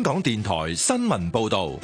香港電台新聞報道：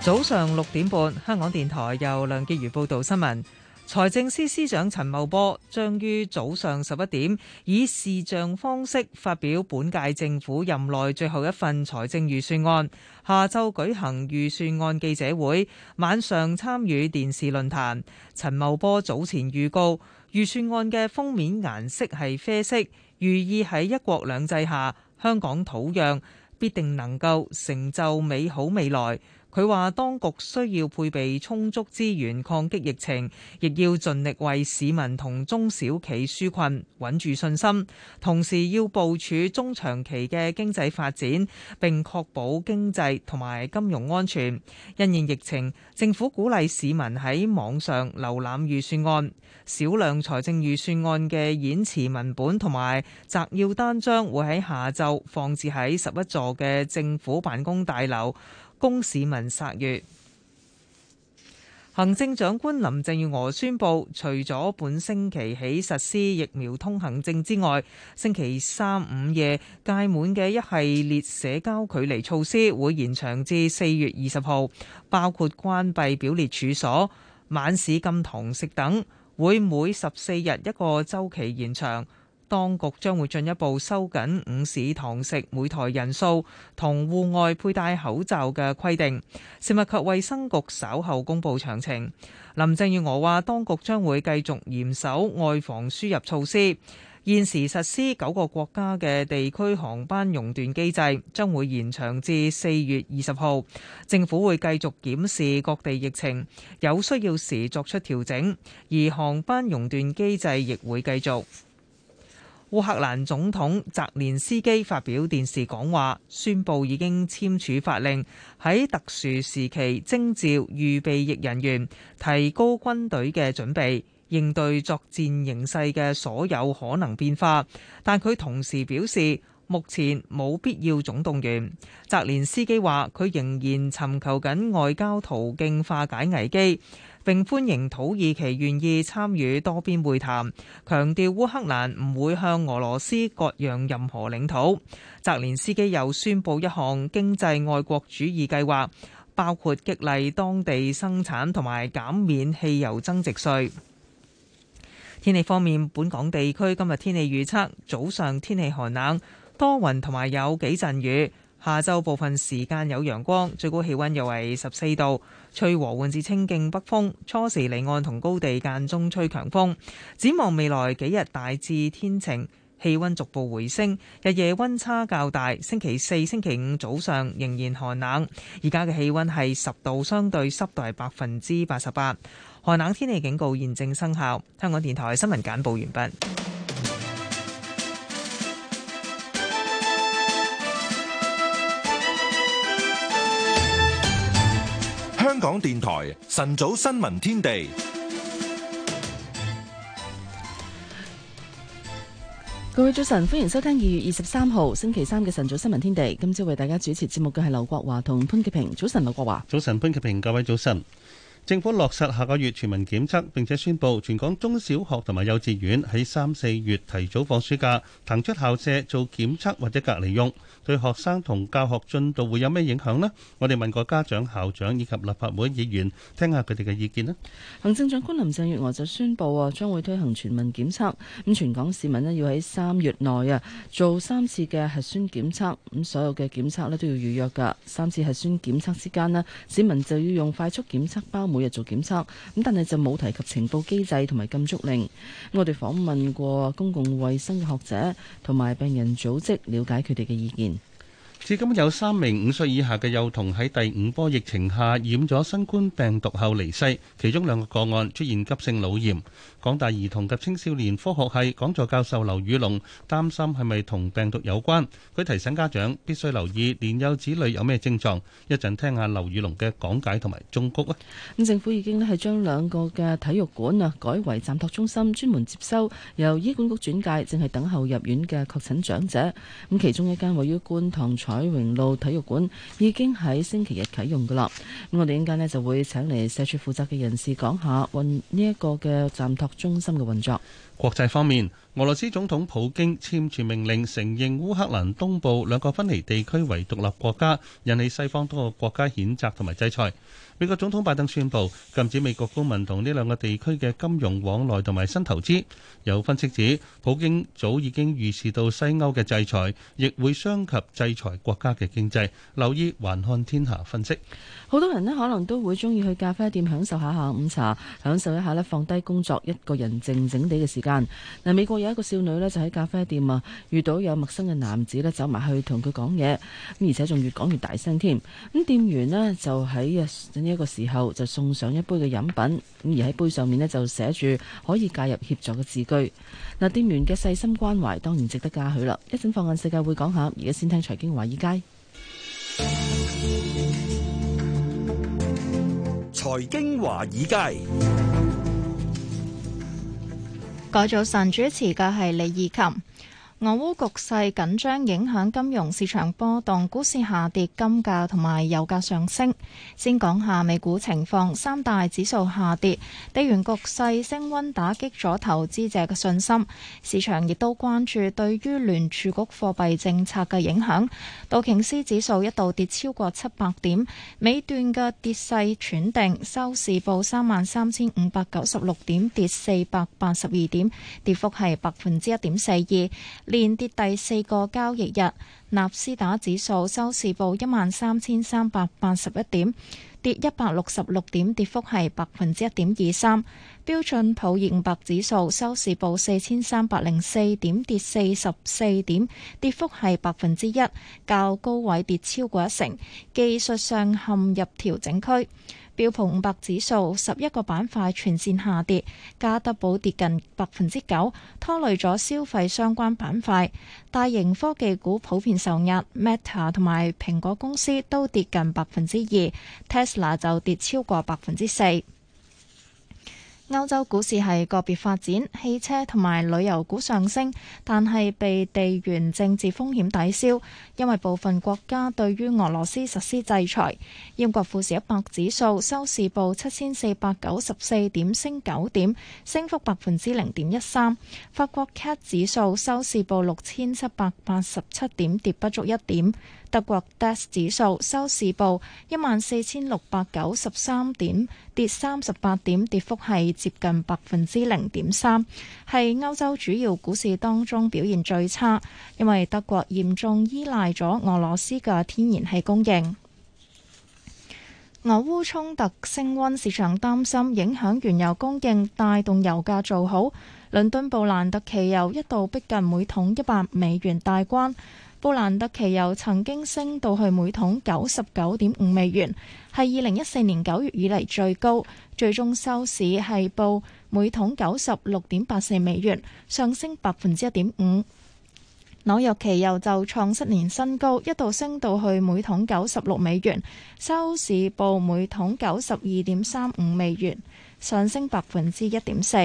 早上六點半，香港電台由梁潔如報道新聞。財政司司長陳茂波將於早上十一點以視像方式發表本屆政府任內最後一份財政預算案。下晝舉行預算案記者會，晚上參與電視論壇。陳茂波早前預告。預算案嘅封面顏色係啡色，寓意喺一國兩制下，香港土壤必定能夠成就美好未來。佢話：當局需要配備充足資源抗擊疫情，亦要盡力為市民同中小企紓困、穩住信心，同時要部署中長期嘅經濟發展，並確保經濟同埋金融安全。因應疫情，政府鼓勵市民喺網上瀏覽預算案，少量財政預算案嘅演辭文本同埋摘要單張將會喺下晝放置喺十一座嘅政府辦公大樓。供市民殺月。行政長官林鄭月娥宣布，除咗本星期起實施疫苗通行證之外，星期三午夜屆滿嘅一系列社交距離措施會延長至四月二十號，包括關閉表列處所、晚市、禁堂食等，會每十四日一個周期延長。當局將會進一步收緊午市堂食每枱人數同戶外佩戴口罩嘅規定。食物及衛生局稍後公布詳情。林鄭月娥話：當局將會繼續嚴守外防輸入措施，現時實施九個國家嘅地區航班熔斷機制，將會延長至四月二十號。政府會繼續檢視各地疫情，有需要時作出調整，而航班熔斷機制亦會繼續。烏克蘭總統澤連斯基發表電視講話，宣布已經簽署法令，喺特殊時期徵召預備役人員，提高軍隊嘅準備，應對作戰形勢嘅所有可能變化。但佢同時表示，目前冇必要總動員。澤連斯基話，佢仍然尋求緊外交途徑化解危機。並歡迎土耳其願意參與多邊會談，強調烏克蘭唔會向俄羅斯割讓任何領土。澤連斯基又宣布一項經濟愛國主義計劃，包括激勵當地生產同埋減免汽油增值稅。天氣方面，本港地區今日天氣預測：早上天氣寒冷，多雲同埋有幾陣雨。下晝部分時間有陽光，最高氣溫約為十四度，吹和緩至清勁北風。初時離岸同高地間中吹強風。展望未來幾日大致天晴，氣溫逐步回升，日夜溫差較大。星期四、星期五早上仍然寒冷。而家嘅氣溫係十度，相對濕度係百分之八十八。寒冷天氣警告現正生效。香港電台新聞簡報完畢。香港電台晨早新聞天地，各位早晨，歡迎收聽二月二十三號星期三嘅晨早新聞天地。今朝為大家主持節目嘅係劉國華同潘潔平。早晨，劉國華。早晨，潘潔平。各位早晨。政府落實下個月全民檢測，並且宣布全港中小學同埋幼稚園喺三四月提早放暑假，騰出校舍做檢測或者隔離用。對學生同教學進度會有咩影響呢？我哋問過家長、校長以及立法會議員，聽下佢哋嘅意見啦。行政長官林鄭月娥就宣布啊，將會推行全民檢測。咁全港市民呢要喺三月內啊做三次嘅核酸檢測。咁所有嘅檢測呢都要預約㗎。三次核酸檢測之間呢，市民就要用快速檢測包。每日做檢測，咁但係就冇提及情報機制同埋禁足令。我哋訪問過公共衛生嘅學者同埋病人組織，了解佢哋嘅意見。至今有三名五歲以下嘅幼童喺第五波疫情下染咗新冠病毒後離世，其中兩個個案出現急性腦炎。港大兒童及青少年科學系講座教授劉宇龍擔心係咪同病毒有關？佢提醒家長必須留意年幼子女有咩症狀。一陣聽下劉宇龍嘅講解同埋忠告啊！咁政府已經咧係將兩個嘅體育館啊，改為暫托中心，專門接收由醫管局轉介正係等候入院嘅確診長者。咁其中一間位於觀塘彩榮路體育館已經喺星期日啟用㗎啦。咁我哋依家咧就會請嚟社署負責嘅人士講下運，運呢一個嘅暫托中心嘅運作。國際方面，俄羅斯總統普京簽署命令，承認烏克蘭東部兩個分離地區為獨立國家，引起西方多個國家譴責同埋制裁。美國總統拜登宣布禁止美國公民同呢兩個地區嘅金融往來同埋新投資。有分析指，普京早已經預示到西歐嘅制裁亦會傷及制裁國家嘅經濟。留意還看天下分析。好多人呢，可能都會中意去咖啡店享受下下午茶，享受一下呢放低工作，一個人靜靜地嘅時間。嗱，美國有一個少女呢，就喺咖啡店啊遇到有陌生嘅男子呢，走埋去同佢講嘢，而且仲越講越大聲添。咁店員呢，就喺呢一個時候就送上一杯嘅飲品，而喺杯上面呢，就寫住可以介入協助嘅字句。嗱，店員嘅細心關懷當然值得嘉許啦。一陣放眼世界會講下，而家先聽財經華爾街。財經華爾街，今早晨主持嘅係李怡琴。 俄烏局勢緊張影響金融市場波動，股市下跌，金價同埋油價上升。先講下美股情況，三大指數下跌，地緣局勢升温打擊咗投資者嘅信心。市場亦都關注對於聯儲局貨幣政策嘅影響。道瓊斯指數一度跌超過七百點，尾段嘅跌勢喘定，收市報三萬三千五百九十六點，跌四百八十二點，跌幅係百分之一點四二。連跌第四個交易日，納斯達指數收市報一萬三千三百八十一點，跌一百六十六點，跌幅係百分之一點二三。標準普爾五百指數收市報四千三百零四點，跌四十四點，跌幅係百分之一，較高位跌超過一成，技術上陷入調整區。標普五百指數十一個板塊全線下跌，加德寶跌近百分之九，拖累咗消費相關板塊。大型科技股普遍受壓，Meta 同埋蘋果公司都跌近百分之二，Tesla 就跌超過百分之四。歐洲股市係個別發展，汽車同埋旅遊股上升，但係被地緣政治風險抵消，因為部分國家對於俄羅斯實施制裁。英國富時一百指數收市報七千四百九十四點，升九點，升幅百分之零點一三。法國 CAC 指數收市報六千七百八十七點，跌不足一點。德國 DAX 指數收市報一萬四千六百九十三點，跌三十八點，跌幅係接近百分之零點三，係歐洲主要股市當中表現最差，因為德國嚴重依賴咗俄羅斯嘅天然氣供應。俄烏衝突升温，市場擔心影響原油供應，帶動油價做好。倫敦布蘭特期油一度逼近每桶一百美元大關。布蘭特期油曾經升到去每桶九十九點五美元，係二零一四年九月以嚟最高，最終收市係報每桶九十六點八四美元，上升百分之一點五。紐約期油就創七年新高，一度升到去每桶九十六美元，收市報每桶九十二點三五美元，上升百分之一點四。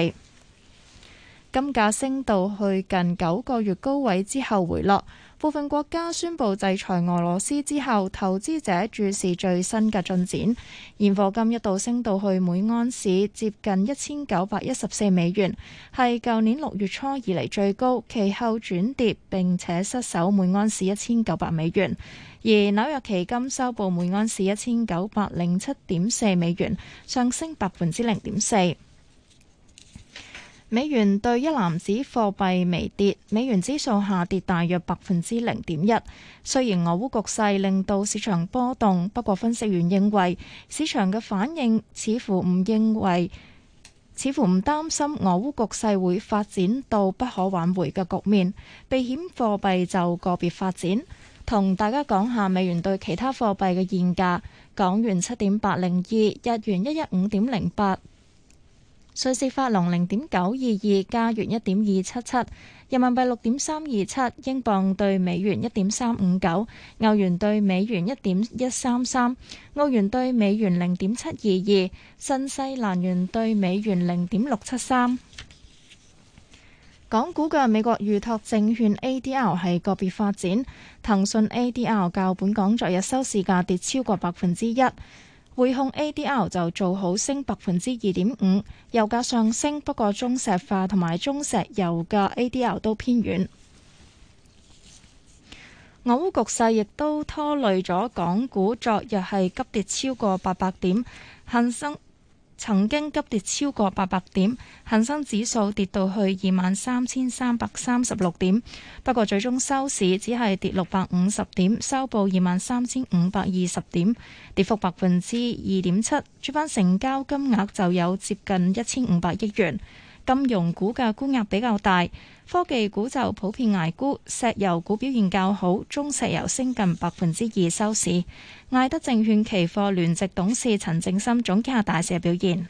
金價升到去近九個月高位之後回落，部分國家宣布制裁俄羅斯之後，投資者注視最新嘅進展。現貨金一度升到去每盎司接近一千九百一十四美元，係舊年六月初以嚟最高，其後轉跌並且失守每盎司一千九百美元。而紐約期金收報每盎司一千九百零七點四美元，上升百分之零點四。美元兌一籃子貨幣微跌，美元指數下跌大約百分之零點一。雖然俄烏局勢令到市場波動，不過分析員認為市場嘅反應似乎唔認為，似乎唔擔心俄烏局勢會發展到不可挽回嘅局面。避險貨幣就個別發展，同大家講下美元兌其他貨幣嘅現價：港元七點八零二，2, 日元一一五點零八。瑞士法郎零點九二二，加元一點二七七，人民幣六點三二七，英鎊兌美元一點三五九，歐元兌美元一點一三三，澳元兌美元零點七二二，新西蘭元兌美元零點六七三。港股嘅美國預託證券 ADR 係個別發展，騰訊 ADR 較本港昨日收市價跌超過百分之一。匯控 ADR 就做好升百分之二點五，油價上升，不過中石化同埋中石油嘅 ADR 都偏軟，俄烏局勢亦都拖累咗港股，昨日係急跌超過八百點，恒生。曾經急跌超過八百點，恒生指數跌到去二萬三千三百三十六點，不過最終收市只係跌六百五十點，收報二萬三千五百二十點，跌幅百分之二點七。主板成交金額就有接近一千五百億元，金融股嘅沽壓比較大，科技股就普遍挨沽，石油股表現較好，中石油升近百分之二收市。艾德證券期貨聯席董事陳正森總結下大市表現。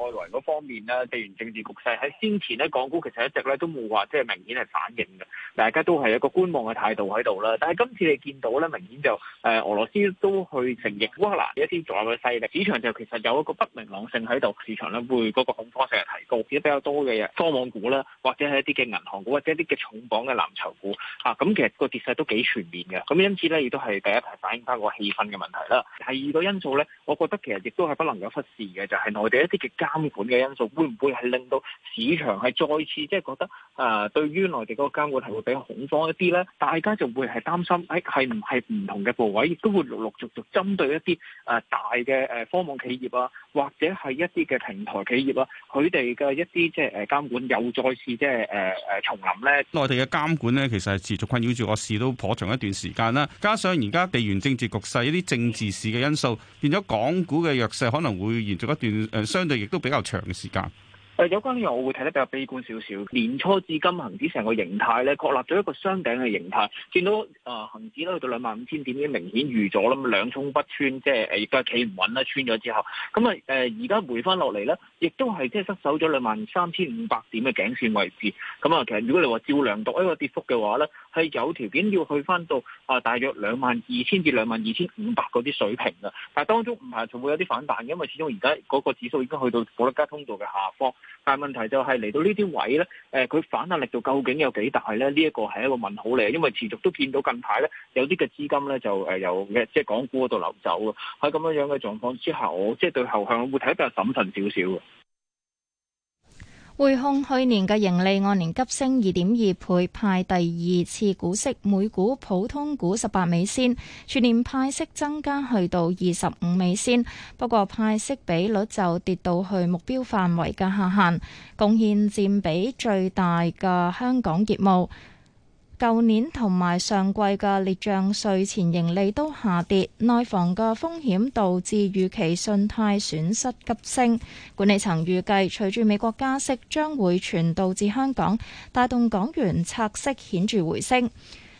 外圍嗰方面咧，地緣政治局勢喺先前咧，港股其實一直咧都冇話即係明顯係反應嘅，大家都係一個觀望嘅態度喺度啦。但係今次你見到咧，明顯就誒、呃、俄羅斯都去承認烏克蘭一啲在嘅勢力，市場就其實有一個不明朗性喺度，市場咧會嗰個恐慌性提高，而比較多嘅科網股啦，或者係一啲嘅銀行股，或者一啲嘅重磅嘅藍籌股嚇，咁、啊嗯、其實個跌勢都幾全面嘅。咁因此咧，亦都係第一排反映翻個氣氛嘅問題啦。第二個因素咧，我覺得其實亦都係不能夠忽視嘅，就係、是、內地一啲嘅監管嘅因素會唔會係令到市場係再次即係覺得誒對於內地嗰個監管係會比較恐慌一啲咧？大家就會係擔心誒係唔係唔同嘅部位，亦都會陸陸續續針對一啲誒大嘅誒科網企業啊，或者係一啲嘅平台企業啊，佢哋嘅一啲即係誒監管又再次即係誒誒重臨咧？內地嘅監管咧，其實係持續困擾住我市都頗長一段時間啦。加上而家地緣政治局勢一啲政治事嘅因素，變咗港股嘅弱勢可能會延續一段誒、呃，相對亦都。比較長嘅時間。誒有關嘅嘢，我會睇得比較悲觀少少。年初至今，恒指成個形態咧，確立咗一個雙頂嘅形態。見到誒恆、呃、指去到兩萬五千點已經明顯預咗啦，咁兩衝不穿，即係誒亦都係企唔穩啦。穿咗之後，咁啊誒而家回翻落嚟咧，亦都係即係失守咗兩萬三千五百點嘅頸線位置。咁、嗯、啊，其實如果你話照量度一個跌幅嘅話咧，係有條件要去翻到啊、呃、大約兩萬二千至兩萬二千五百嗰啲水平啊。但係當中唔係仲會有啲反彈，因為始終而家嗰個指數已經去到保歷加通道嘅下方。但係問題就係、是、嚟到呢啲位呢，誒、呃、佢反彈力度究竟有幾大呢？呢一個係一個問號嚟，因為持續都見到近排呢，有啲嘅資金呢，就誒由即係港股嗰度流走啊！喺咁樣樣嘅狀況之下，我即係對後向會睇得比較審慎少少。匯控去年嘅盈利按年急升二點二倍，派第二次股息每股普通股十八美仙，全年派息增加去到二十五美仙，不過派息比率就跌到去目標範圍嘅下限，貢獻佔比最大嘅香港業務。舊年同埋上季嘅列帳稅前盈利都下跌，內房嘅風險導致預期信貸損失急升。管理層預計隨住美國加息，將會傳導至香港，帶動港元拆息顯著回升。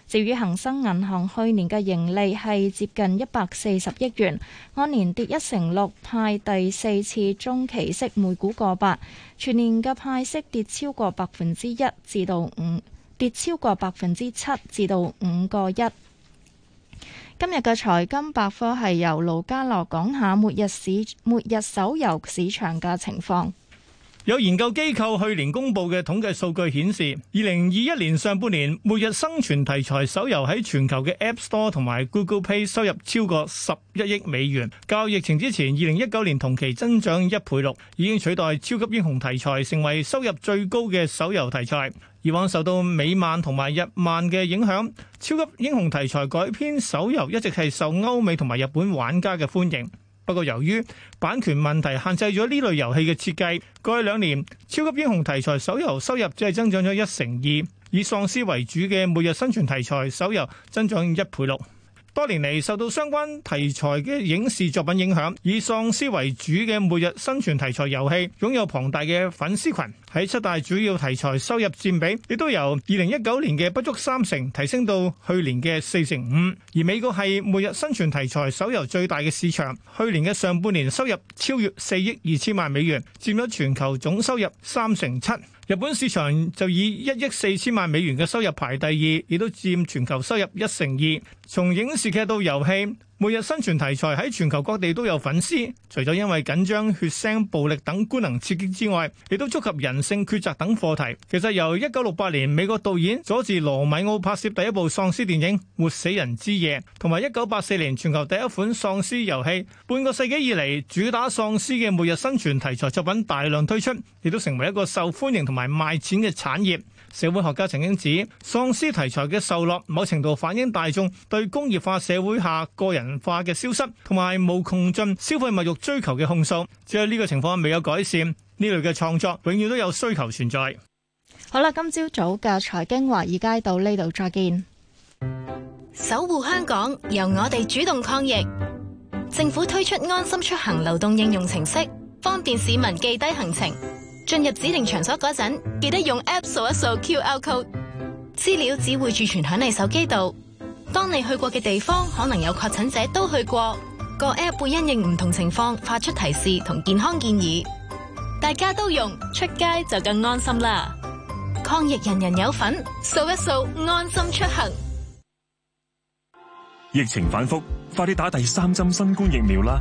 至於恒生銀行去年嘅盈利係接近一百四十億元，按年跌一成六，派第四次中期息每股個八，全年嘅派息跌超過百分之一至到五。跌超過百分之七，至到五個一。今日嘅財金百科係由盧嘉樂講下末日市，末日手遊市場嘅情況。有研究機構去年公布嘅統計數據顯示，二零二一年上半年，末日生存題材手遊喺全球嘅 App Store 同埋 Google Play 收入超過十一億美元，較疫情之前二零一九年同期增長一倍六，已經取代超級英雄題材成為收入最高嘅手遊題材。以往受到美漫同埋日漫嘅影響，超級英雄題材改編手遊一直係受歐美同埋日本玩家嘅歡迎。不過由於版權問題限制咗呢類遊戲嘅設計，過去兩年超級英雄題材手遊收入只係增長咗一成二，以喪屍為主嘅末日生存題材手遊增長一倍六。多年嚟受到相關題材嘅影視作品影響，以喪屍為主嘅末日生存題材遊戲擁有龐大嘅粉絲群，喺七大主要題材收入佔比，亦都由二零一九年嘅不足三成提升到去年嘅四成五。而美國係末日生存題材手遊最大嘅市場，去年嘅上半年收入超越四億二千萬美元，佔咗全球總收入三成七。日本市場就以一億四千萬美元嘅收入排第二，亦都佔全球收入一成二。從影視劇到遊戲，末日生存題材喺全球各地都有粉絲，除咗因為緊張、血腥、暴力等官能刺激之外，亦都觸及人性抉擇等課題。其實由一九六八年美國導演佐治羅米奧拍攝第一部喪屍電影《活死人之夜》，同埋一九八四年全球第一款喪屍遊戲，半個世紀以嚟主打喪屍嘅末日生存題材作品大量推出，亦都成為一個受歡迎同埋賣錢嘅產業。社會學家曾經指喪屍題材嘅受落，某程度反映大眾對工業化社會下個人化嘅消失，同埋無窮盡消費物欲追求嘅控訴。只係呢個情況未有改善，呢類嘅創作永遠都有需求存在。好啦，今朝早嘅財經華爾街，到呢度再見。守護香港，由我哋主動抗疫。政府推出安心出行流動應用程式，方便市民記低行程。進入指定場所嗰陣，記得用 App 掃一掃 QR Code，資料只會儲存響你手機度。當你去過嘅地方可能有確診者都去過，個 App 會因應唔同情況發出提示同健康建議。大家都用，出街就更安心啦！抗疫人人有份，掃一掃安心出行。疫情反覆，快啲打第三針新冠疫苗啦！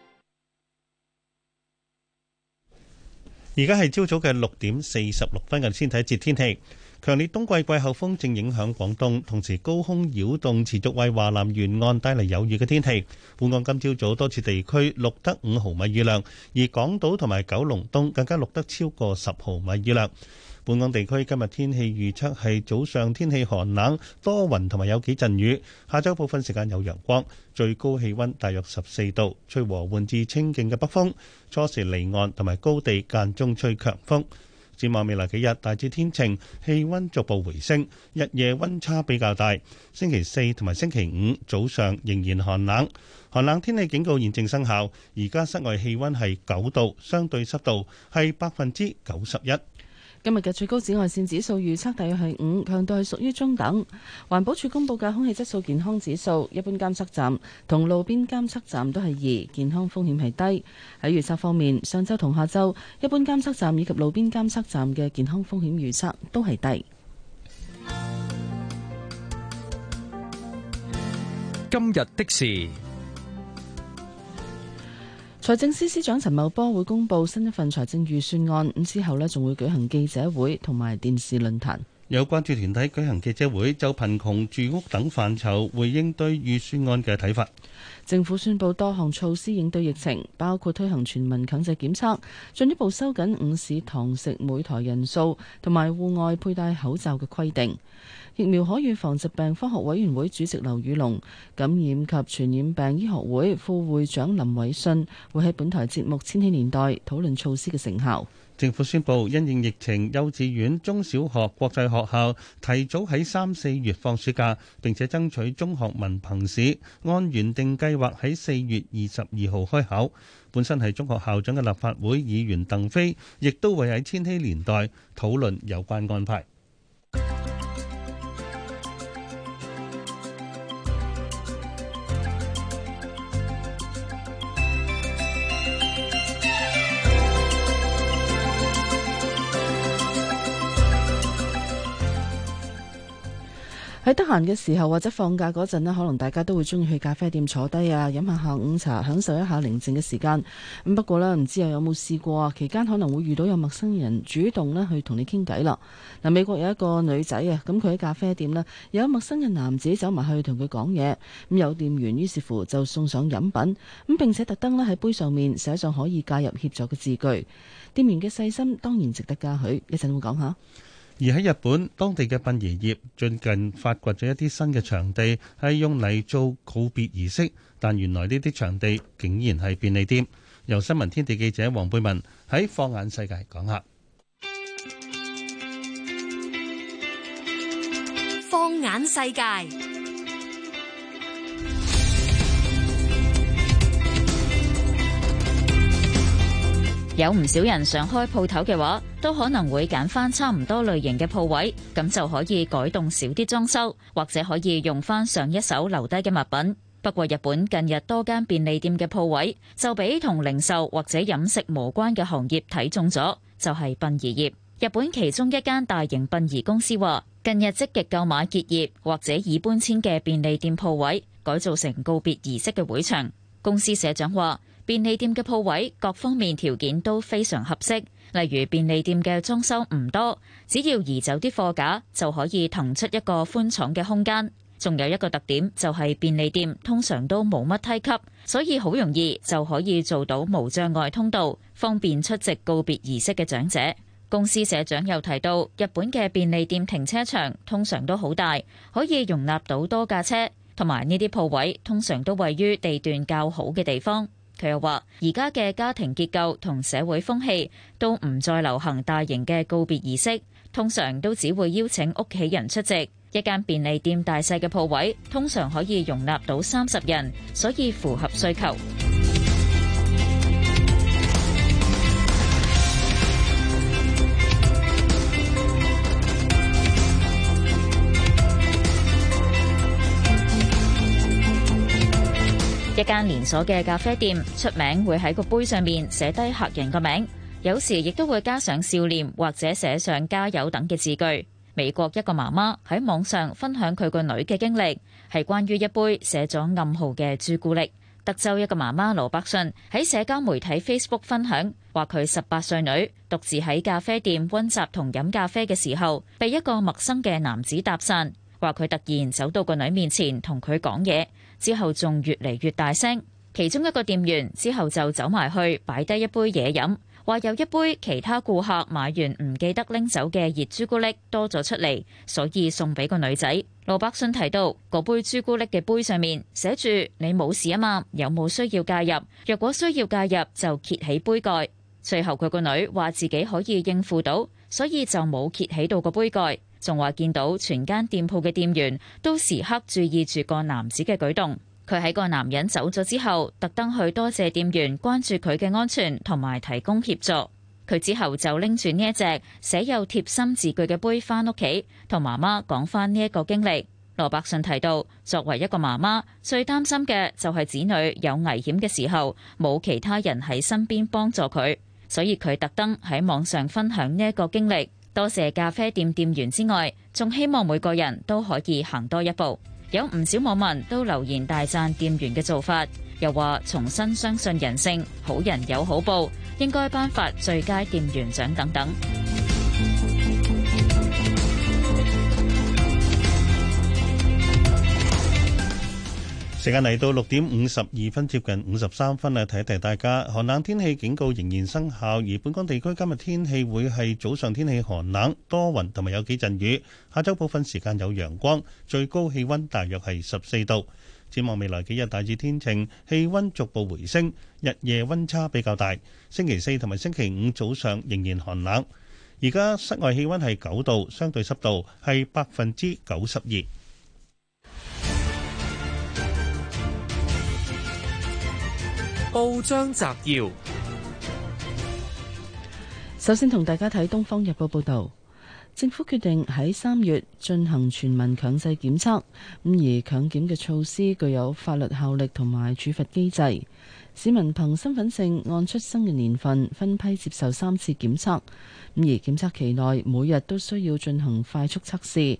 而家係朝早嘅六點四十六分，我哋先睇一節天氣。強烈冬季季候風正影響廣東，同時高空擾動持續為華南沿岸帶嚟有雨嘅天氣。本港今朝早多處地區錄得五毫米雨量，而港島同埋九龍東更加錄得超過十毫米雨量。本港地區今日天氣預測係早上天氣寒冷，多雲同埋有幾陣雨。下周部分時間有陽光，最高氣溫大約十四度，吹和緩至清勁嘅北風。初時離岸同埋高地間中吹強風。展望未來幾日大致天晴，氣溫逐步回升，日夜溫差比較大。星期四同埋星期五早上仍然寒冷，寒冷天氣警告現正生效。而家室外氣溫係九度，相對濕度係百分之九十一。今日嘅最高紫外線指數預測大約係五，強度係屬於中等。環保署公布嘅空氣質素健康指數，一般監測站同路邊監測站都係二，健康風險係低。喺預測方面，上晝同下晝，一般監測站以及路邊監測站嘅健康風險預測都係低。今日的事。財政司司長陳茂波會公布新一份財政預算案，之後咧仲會舉行記者會同埋電視論壇。有關注團體舉行記者會，就貧窮住屋等範疇回應對預算案嘅睇法。政府宣布多項措施應對疫情，包括推行全民強制檢測，進一步收緊午市堂食每台人數同埋戶外佩戴口罩嘅規定。疫苗可預防疾病科學委員會主席劉宇龍、感染及傳染病醫學會副會長林偉信會喺本台節目《千禧年代》討論措施嘅成效。政府宣布因應疫情，幼稚園、中小學、國際學校提早喺三四月放暑假，並且爭取中學文憑試按原定計劃喺四月二十二號開考。本身係中學校長嘅立法會議員鄧飛，亦都會喺《千禧年代》討論有關安排。喺得閒嘅時候或者放假嗰陣呢，可能大家都會中意去咖啡店坐低啊，飲下下午茶，享受一下寧靜嘅時間。咁不過呢，唔知又有冇試過啊？期間可能會遇到有陌生人主動呢去同你傾偈啦。嗱，美國有一個女仔啊，咁佢喺咖啡店呢，有一陌生嘅男子走埋去同佢講嘢。咁有店員於是乎就送上飲品，咁並且特登呢喺杯上面寫上可以介入協助嘅字句。店員嘅細心當然值得嘉許，講一陣會講下。而喺日本，當地嘅殯儀業最近發掘咗一啲新嘅場地，係用嚟做告別儀式，但原來呢啲場地竟然係便利店。由新聞天地記者黃貝文喺《放眼世界》講下。放眼世界。有唔少人想開鋪頭嘅話，都可能會揀翻差唔多類型嘅鋪位，咁就可以改動少啲裝修，或者可以用翻上一手留低嘅物品。不過，日本近日多間便利店嘅鋪位就俾同零售或者飲食無關嘅行業睇中咗，就係殯儀業。日本其中一間大型殯儀公司話，近日積極購買結業或者已搬遷嘅便利店鋪位，改造成告別儀式嘅會場。公司社長話。便利店嘅鋪位各方面條件都非常合適，例如便利店嘅裝修唔多，只要移走啲貨架就可以騰出一個寬敞嘅空間。仲有一個特點就係便利店通常都冇乜梯級，所以好容易就可以做到無障礙通道，方便出席告別儀式嘅長者。公司社長又提到，日本嘅便利店停車場通常都好大，可以容納到多架車，同埋呢啲鋪位通常都位於地段較好嘅地方。佢又話：而家嘅家庭結構同社會風氣都唔再流行大型嘅告別儀式，通常都只會邀請屋企人出席。一間便利店大細嘅鋪位，通常可以容納到三十人，所以符合需求。一間連鎖嘅咖啡店出名會喺個杯上面寫低客人個名，有時亦都會加上笑臉或者寫上加油等嘅字句。美國一個媽媽喺網上分享佢個女嘅經歷，係關於一杯寫咗暗號嘅朱古力。德州一個媽媽羅伯遜喺社交媒體 Facebook 分享，話佢十八歲女獨自喺咖啡店溫習同飲咖啡嘅時候，被一個陌生嘅男子搭訕，話佢突然走到個女面前同佢講嘢。之後仲越嚟越大聲，其中一個店員之後就走埋去擺低一杯嘢飲，話有一杯其他顧客買完唔記得拎走嘅熱朱古力多咗出嚟，所以送俾個女仔。羅伯遜提到，個杯朱古力嘅杯上面寫住你冇事啊嘛，有冇需要介入？若果需要介入，就揭起杯蓋。最後佢個女話自己可以應付到，所以就冇揭起到個杯蓋。仲話見到全間店鋪嘅店員都時刻注意住個男子嘅舉動。佢喺個男人走咗之後，特登去多謝店員關注佢嘅安全同埋提供協助。佢之後就拎住呢一隻寫有貼心字句嘅杯返屋企，同媽媽講返呢一個經歷。羅伯遜提到，作為一個媽媽，最擔心嘅就係子女有危險嘅時候冇其他人喺身邊幫助佢，所以佢特登喺網上分享呢一個經歷。多謝咖啡店店員之外，仲希望每個人都可以行多一步。有唔少網民都留言大讚店員嘅做法，又話重新相信人性，好人有好報，應該頒發最佳店員獎等等。時間嚟到六點五十二分，接近五十三分啦，提一提大家。寒冷天氣警告仍然生效，而本港地區今日天氣會係早上天氣寒冷、多雲同埋有幾陣雨。下周部分時間有陽光，最高氣溫大約係十四度。展望未來幾日大致天晴，氣溫逐步回升，日夜溫差比較大。星期四同埋星期五早上仍然寒冷。而家室外氣溫係九度，相對濕度係百分之九十二。報章摘要：首先同大家睇《東方日報》報道，政府決定喺三月進行全民強制檢測，咁而強檢嘅措施具有法律效力同埋處罰機制。市民憑身份證按出生嘅年份分批接受三次檢測，咁而檢測期內每日都需要進行快速測試。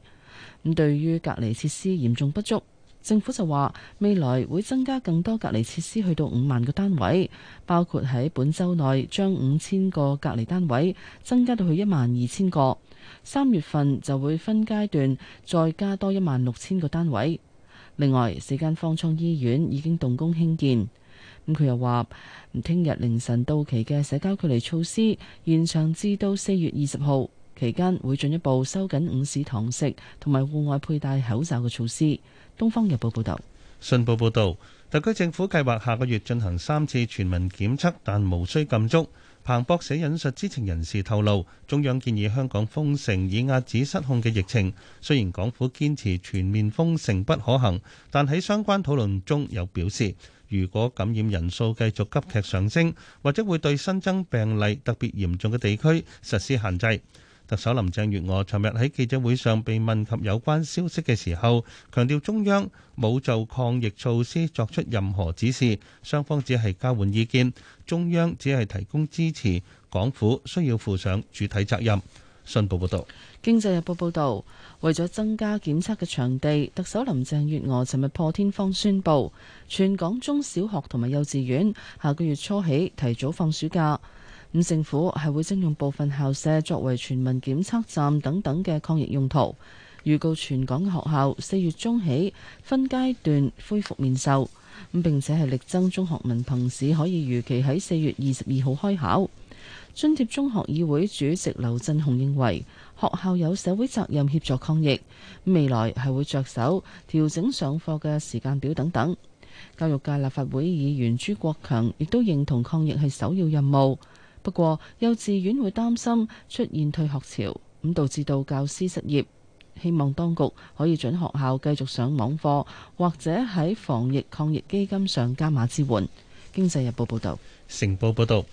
咁對於隔離設施嚴重不足。政府就話，未來會增加更多隔離設施，去到五萬個單位，包括喺本週內將五千個隔離單位增加到去一萬二千個。三月份就會分階段再加多一萬六千個單位。另外，四間方艙醫院已經動工興建。咁佢又話，聽日凌晨到期嘅社交距離措施延長至到四月二十號期間，會進一步收緊午市堂食同埋戶外佩戴口罩嘅措施。《東方日報》報導，《信報》報導，特區政府計劃下個月進行三次全民檢測，但無需禁足。彭博社引述知情人士透露，中央建議香港封城以壓止失控嘅疫情。雖然港府堅持全面封城不可行，但喺相關討論中有表示，如果感染人數繼續急劇上升，或者會對新增病例特別嚴重嘅地區實施限制。特首林鄭月娥尋日喺記者會上被問及有關消息嘅時候，強調中央冇就抗疫措施作出任何指示，雙方只係交換意見，中央只係提供支持，港府需要負上主體責任。信報報導，《經濟日報》報導，為咗增加檢測嘅場地，特首林鄭月娥尋日破天荒宣布，全港中小學同埋幼稚園下個月初起提早放暑假。咁政府係會徵用部分校舍作為全民檢測站等等嘅抗疫用途，預告全港學校四月中起分階段恢復面授。咁並且係力爭中學文憑試可以如期喺四月二十二號開考。津貼中學議會主席劉振雄認為學校有社會責任協助抗疫，未來係會着手調整上課嘅時間表等等。教育界立法會議員朱國強亦都認同抗疫係首要任務。不過，幼稚園會擔心出現退學潮，咁導致到教師失業。希望當局可以准學校繼續上網課，或者喺防疫抗疫基金上加碼支援。經濟日報報道。成報報道。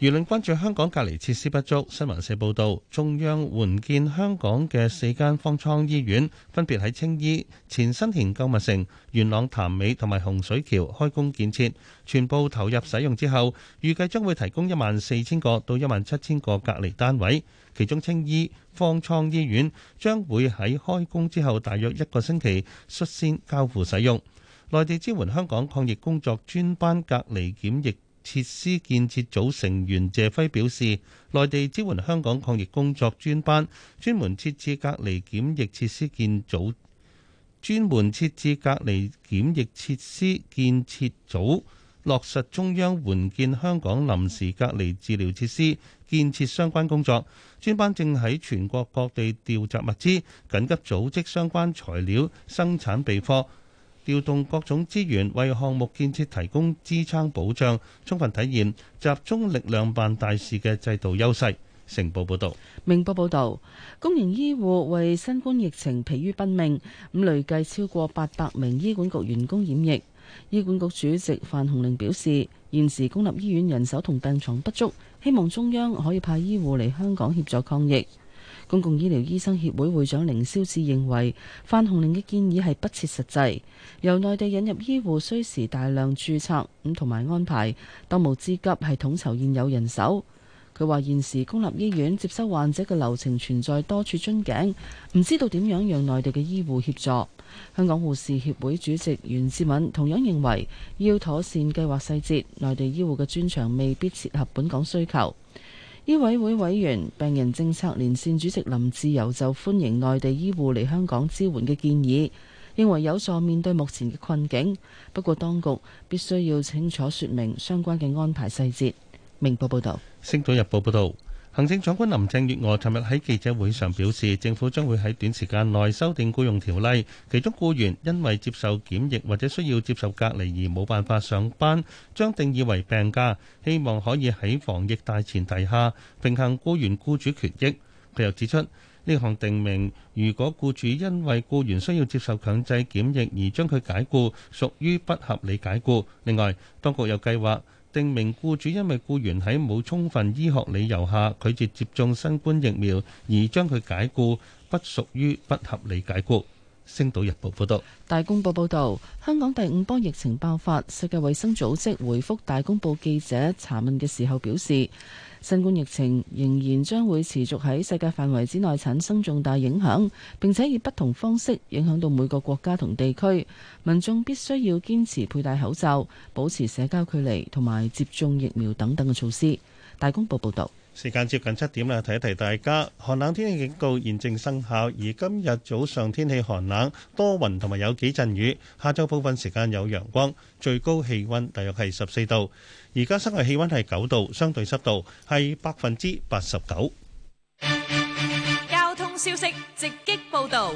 輿論關注香港隔離設施不足。新聞社報道，中央援建香港嘅四間方艙醫院，分別喺青衣、前新田購物城、元朗潭尾同埋洪水橋開工建設，全部投入使用之後預計將會提供一萬四千個到一萬七千個隔離單位。其中青衣方艙醫院將會喺開工之後大約一個星期率先交付使用。內地支援香港抗疫工作專班隔離檢疫。設施建設組成員謝輝表示，內地支援香港抗疫工作專班專門設置隔離檢疫設施建組，專門設置隔離檢疫設施建設組落實中央援建香港臨時隔離治療設施建設相關工作。專班正喺全國各地調集物資，緊急組織相關材料生產備貨。調動各種資源為項目建設提供支撐保障，充分體現集中力量辦大事嘅制度優勢。成報報道，明報報道，公營醫護為新冠疫情疲於奔命，咁累計超過八百名醫管局員工染疫。醫管局主席范鴻齡表示，現時公立醫院人手同病床不足，希望中央可以派醫護嚟香港協助抗疫。公共醫療醫生協會會長凌霄志認為，范鴻齡嘅建議係不切實際。由內地引入醫護需時大量註冊，咁同埋安排，當務之急係統籌現有人手。佢話現時公立醫院接收患者嘅流程存在多處樽頸，唔知道點樣讓內地嘅醫護協助。香港護士協會主席袁志敏同樣認為，要妥善計劃細節，內地醫護嘅專長未必切合本港需求。醫委會委員、病人政策連線主席林志游就歡迎內地醫護嚟香港支援嘅建議，認為有助面對目前嘅困境。不過當局必須要清楚說明相關嘅安排細節。明報報道，《星島日報》報道。行政長官林鄭月娥尋日喺記者會上表示，政府將會喺短時間內修訂僱傭條例，其中僱員因為接受檢疫或者需要接受隔離而冇辦法上班，將定義為病假，希望可以喺防疫大前提下平衡僱員僱主權益。佢又指出，呢項定明，如果僱主因為僱員需要接受強制檢疫而將佢解雇，屬於不合理解雇。另外，當局有計劃。定名僱主因為僱員喺冇充分醫學理由下拒絕接種新冠疫苗而將佢解僱，不屬於不合理解僱。星島日報報道。大公報報道，香港第五波疫情爆發，世界衛生組織回覆大公報記者查問嘅時候表示。新冠疫情仍然將會持續喺世界範圍之內產生重大影響，並且以不同方式影響到每個國家同地區，民眾必須要堅持佩戴口罩、保持社交距離同埋接種疫苗等等嘅措施。大公報報道。時間接近七點啦，提一提大家，寒冷天氣警告現正生效，而今日早上天氣寒冷，多雲同埋有幾陣雨。下晝部分時間有陽光，最高氣温大約係十四度。而家室外氣温係九度，相對濕度係百分之八十九。交通消息直擊報導。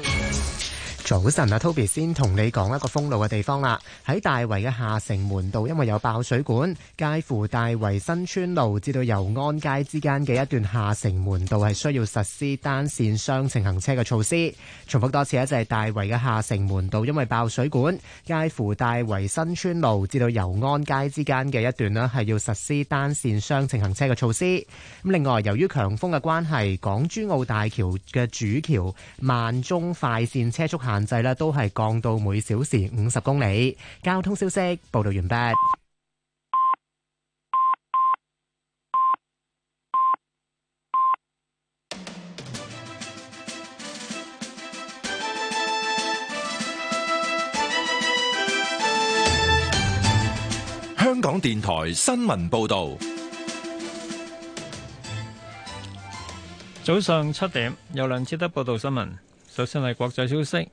早晨啊，Toby 先同你講一個封路嘅地方啦。喺大圍嘅下城門道，因為有爆水管，介乎大圍新村路至到油安街之間嘅一段下城門道係需要實施單線雙程行車嘅措施。重複多次啊，就係大圍嘅下城門道，因為爆水管，介乎大圍新村路至到油安街之間嘅一段咧，係要實施單線雙程行車嘅措施。咁另外，由於強風嘅關係，港珠澳大橋嘅主橋慢中快線車速限。限制咧都係降到每小時五十公里。交通消息報道完畢。香港電台新聞報道，早上七點有梁志德報道新聞。首先係國際消息。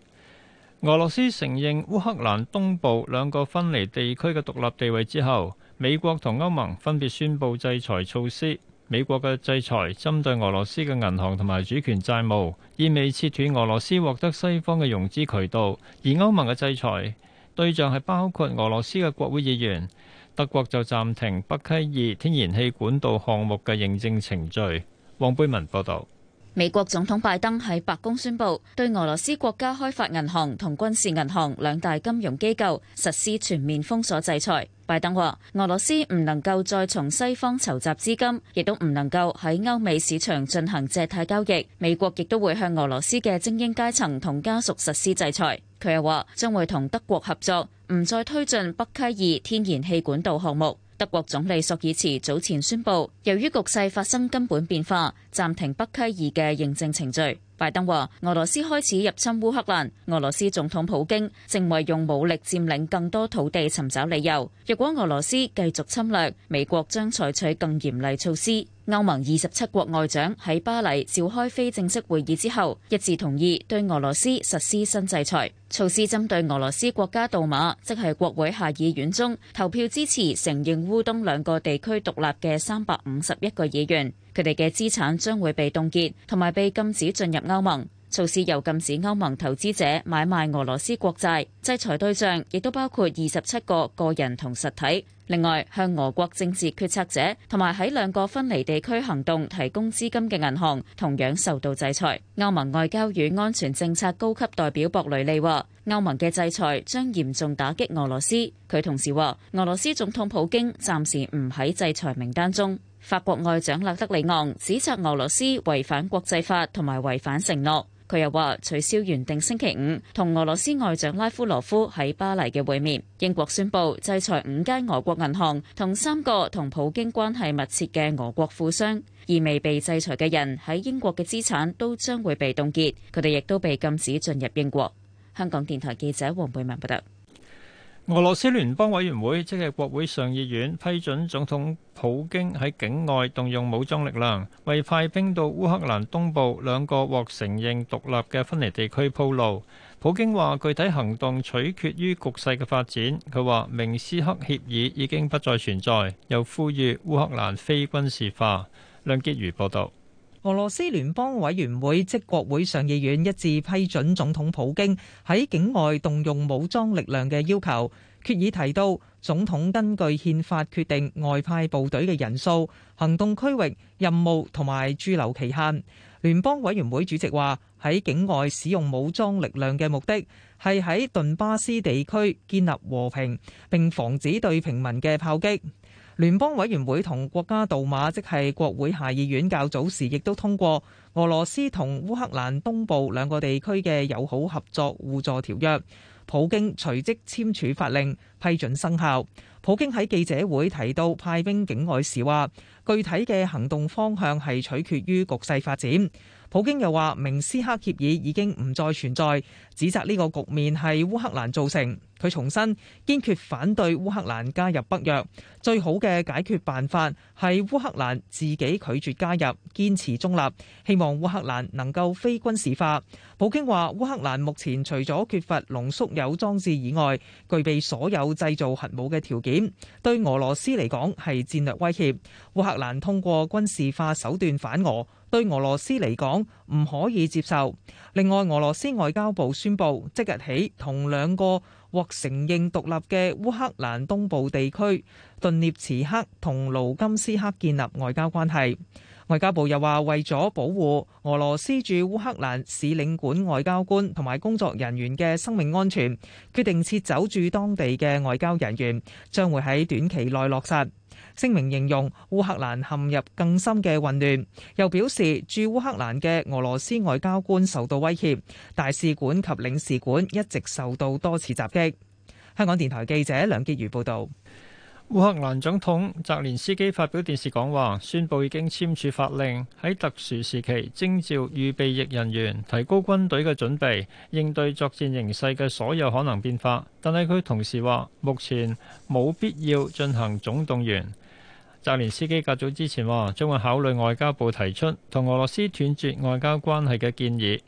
俄羅斯承認烏克蘭東部兩個分離地區嘅獨立地位之後，美國同歐盟分別宣布制裁措施。美國嘅制裁針對俄羅斯嘅銀行同埋主權債務，意味切斷俄羅斯獲得西方嘅融資渠道；而歐盟嘅制裁對象係包括俄羅斯嘅國會議員。德國就暫停北溪二天然氣管道項目嘅認證程序。黃貝文報道。美國總統拜登喺白宮宣布，對俄羅斯國家開發銀行同軍事銀行兩大金融機構實施全面封鎖制裁。拜登話俄羅斯唔能夠再從西方籌集資金，亦都唔能夠喺歐美市場進行借貸交易。美國亦都會向俄羅斯嘅精英階層同家屬實施制裁。佢又話將會同德國合作，唔再推進北溪二天然氣管道項目。德國總理索爾茨早前宣布，由於局勢發生根本變化。暫停北溪二嘅認證程序。拜登話：俄羅斯開始入侵烏克蘭，俄羅斯總統普京正為用武力佔領更多土地尋找理由。若果俄羅斯繼續侵略，美國將採取更嚴厲措施。歐盟二十七國外長喺巴黎召開非正式會議之後，一致同意對俄羅斯實施新制裁。措施針對俄羅斯國家杜馬，即係國會下議院中投票支持承認烏東兩個地區獨立嘅三百五十一個議員。佢哋嘅資產將會被凍結，同埋被禁止進入歐盟。措施又禁止歐盟投資者買賣俄羅斯國債。制裁對象亦都包括二十七個個人同實體。另外，向俄國政治決策者同埋喺兩個分離地區行動提供資金嘅銀行同樣受到制裁。歐盟外交與安全政策高級代表博雷利話，歐盟嘅制裁將嚴重打擊俄羅斯。佢同時話，俄羅斯總統普京暫時唔喺制裁名單中。法國外長勒德里昂指責俄羅斯違反國際法同埋違反承諾。佢又話取消原定星期五同俄羅斯外長拉夫羅夫喺巴黎嘅會面。英國宣布制裁五間俄國銀行同三個同普京關係密切嘅俄國富商，而未被制裁嘅人喺英國嘅資產都將會被凍結，佢哋亦都被禁止進入英國。香港電台記者黃貝文報道。俄羅斯聯邦委員會即係國會上議院批准總統普京喺境外動用武裝力量，為派兵到烏克蘭東部兩個獲承認獨立嘅分離地區鋪路。普京話：具體行動取決於局勢嘅發展。佢話明斯克協議已經不再存在，又呼籲烏克蘭非軍事化。梁潔如報導。俄羅斯聯邦委員會即國會上議院一致批准總統普京喺境外動用武裝力量嘅要求。決議提到，總統根據憲法決定外派部隊嘅人數、行動區域、任務同埋駐留期限。聯邦委員會主席話：喺境外使用武裝力量嘅目的係喺頓巴斯地區建立和平，並防止對平民嘅炮擊。聯邦委員會同國家杜馬即係國會下議院較早時亦都通過俄羅斯同烏克蘭東部兩個地區嘅友好合作互助條約，普京隨即簽署法令，批准生效。普京喺記者會提到派兵境外時話，具體嘅行動方向係取決於局勢發展。普京又話：明斯克協議已經唔再存在，指責呢個局面係烏克蘭造成。佢重申堅決反對烏克蘭加入北約，最好嘅解決辦法係烏克蘭自己拒絕加入，堅持中立。希望烏克蘭能夠非軍事化。普京話：烏克蘭目前除咗缺乏濃縮鈾裝置以外，具備所有製造核武嘅條件，對俄羅斯嚟講係戰略威脅。烏克蘭通過軍事化手段反俄。對俄羅斯嚟講，唔可以接受。另外，俄羅斯外交部宣布，即日起同兩個獲承認獨立嘅烏克蘭東部地區頓涅茨克同盧甘斯克建立外交關係。外交部又話為咗保護俄羅斯駐烏克蘭使領館外交官同埋工作人員嘅生命安全，決定撤走駐當地嘅外交人員，將會喺短期內落實。聲明形容烏克蘭陷入更深嘅混亂，又表示駐烏克蘭嘅俄羅斯外交官受到威脅，大使館及領事館一直受到多次襲擊，香港電台記者梁潔如報道。烏克蘭總統澤連斯基發表電視講話，宣佈已經簽署法令，喺特殊時期徵召預備役人員，提高軍隊嘅準備，應對作戰形勢嘅所有可能變化。但係佢同時話，目前冇必要進行總動員。澤連斯基較早之前話，將會考慮外交部提出同俄羅斯斷絕外交關係嘅建議。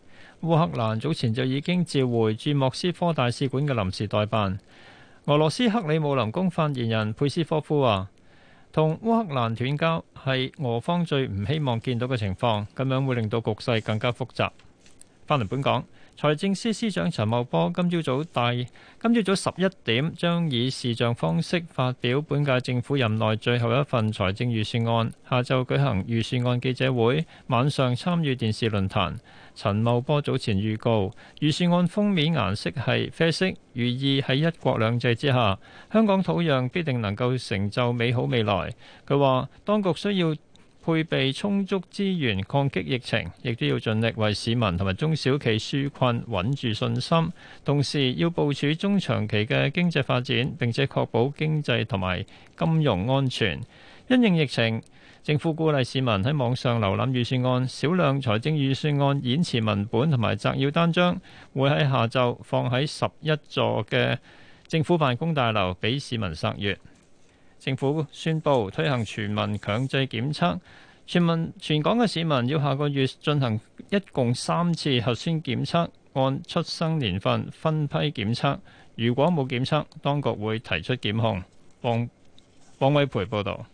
烏克蘭早前就已經召回駐莫斯科大使館嘅臨時代辦。俄羅斯克里姆林宮發言人佩斯科夫話，同烏克蘭斷交係俄方最唔希望見到嘅情況，咁樣會令到局勢更加複雜。翻嚟本港。財政司司長陳茂波今朝早大，今朝早十一點將以視像方式發表本屆政府任內最後一份財政預算案，下晝舉行預算案記者會，晚上參與電視論壇。陳茂波早前預告，預算案封面顏色係啡色，寓意喺「一國兩制」之下，香港土壤必定能夠成就美好未來。佢話，當局需要。配備充足資源抗擊疫情，亦都要盡力為市民同埋中小企紓困、穩住信心，同時要部署中長期嘅經濟發展，並且確保經濟同埋金融安全。因應疫情，政府鼓勵市民喺網上瀏覽預算案、少量財政預算案演辭文本同埋摘要單張，會喺下晝放喺十一座嘅政府辦公大樓俾市民索閱。政府宣布推行全民強制檢測，全民全港嘅市民要下個月進行一共三次核酸檢測，按出生年份分批檢測。如果冇檢測，當局會提出檢控。王王偉培報道，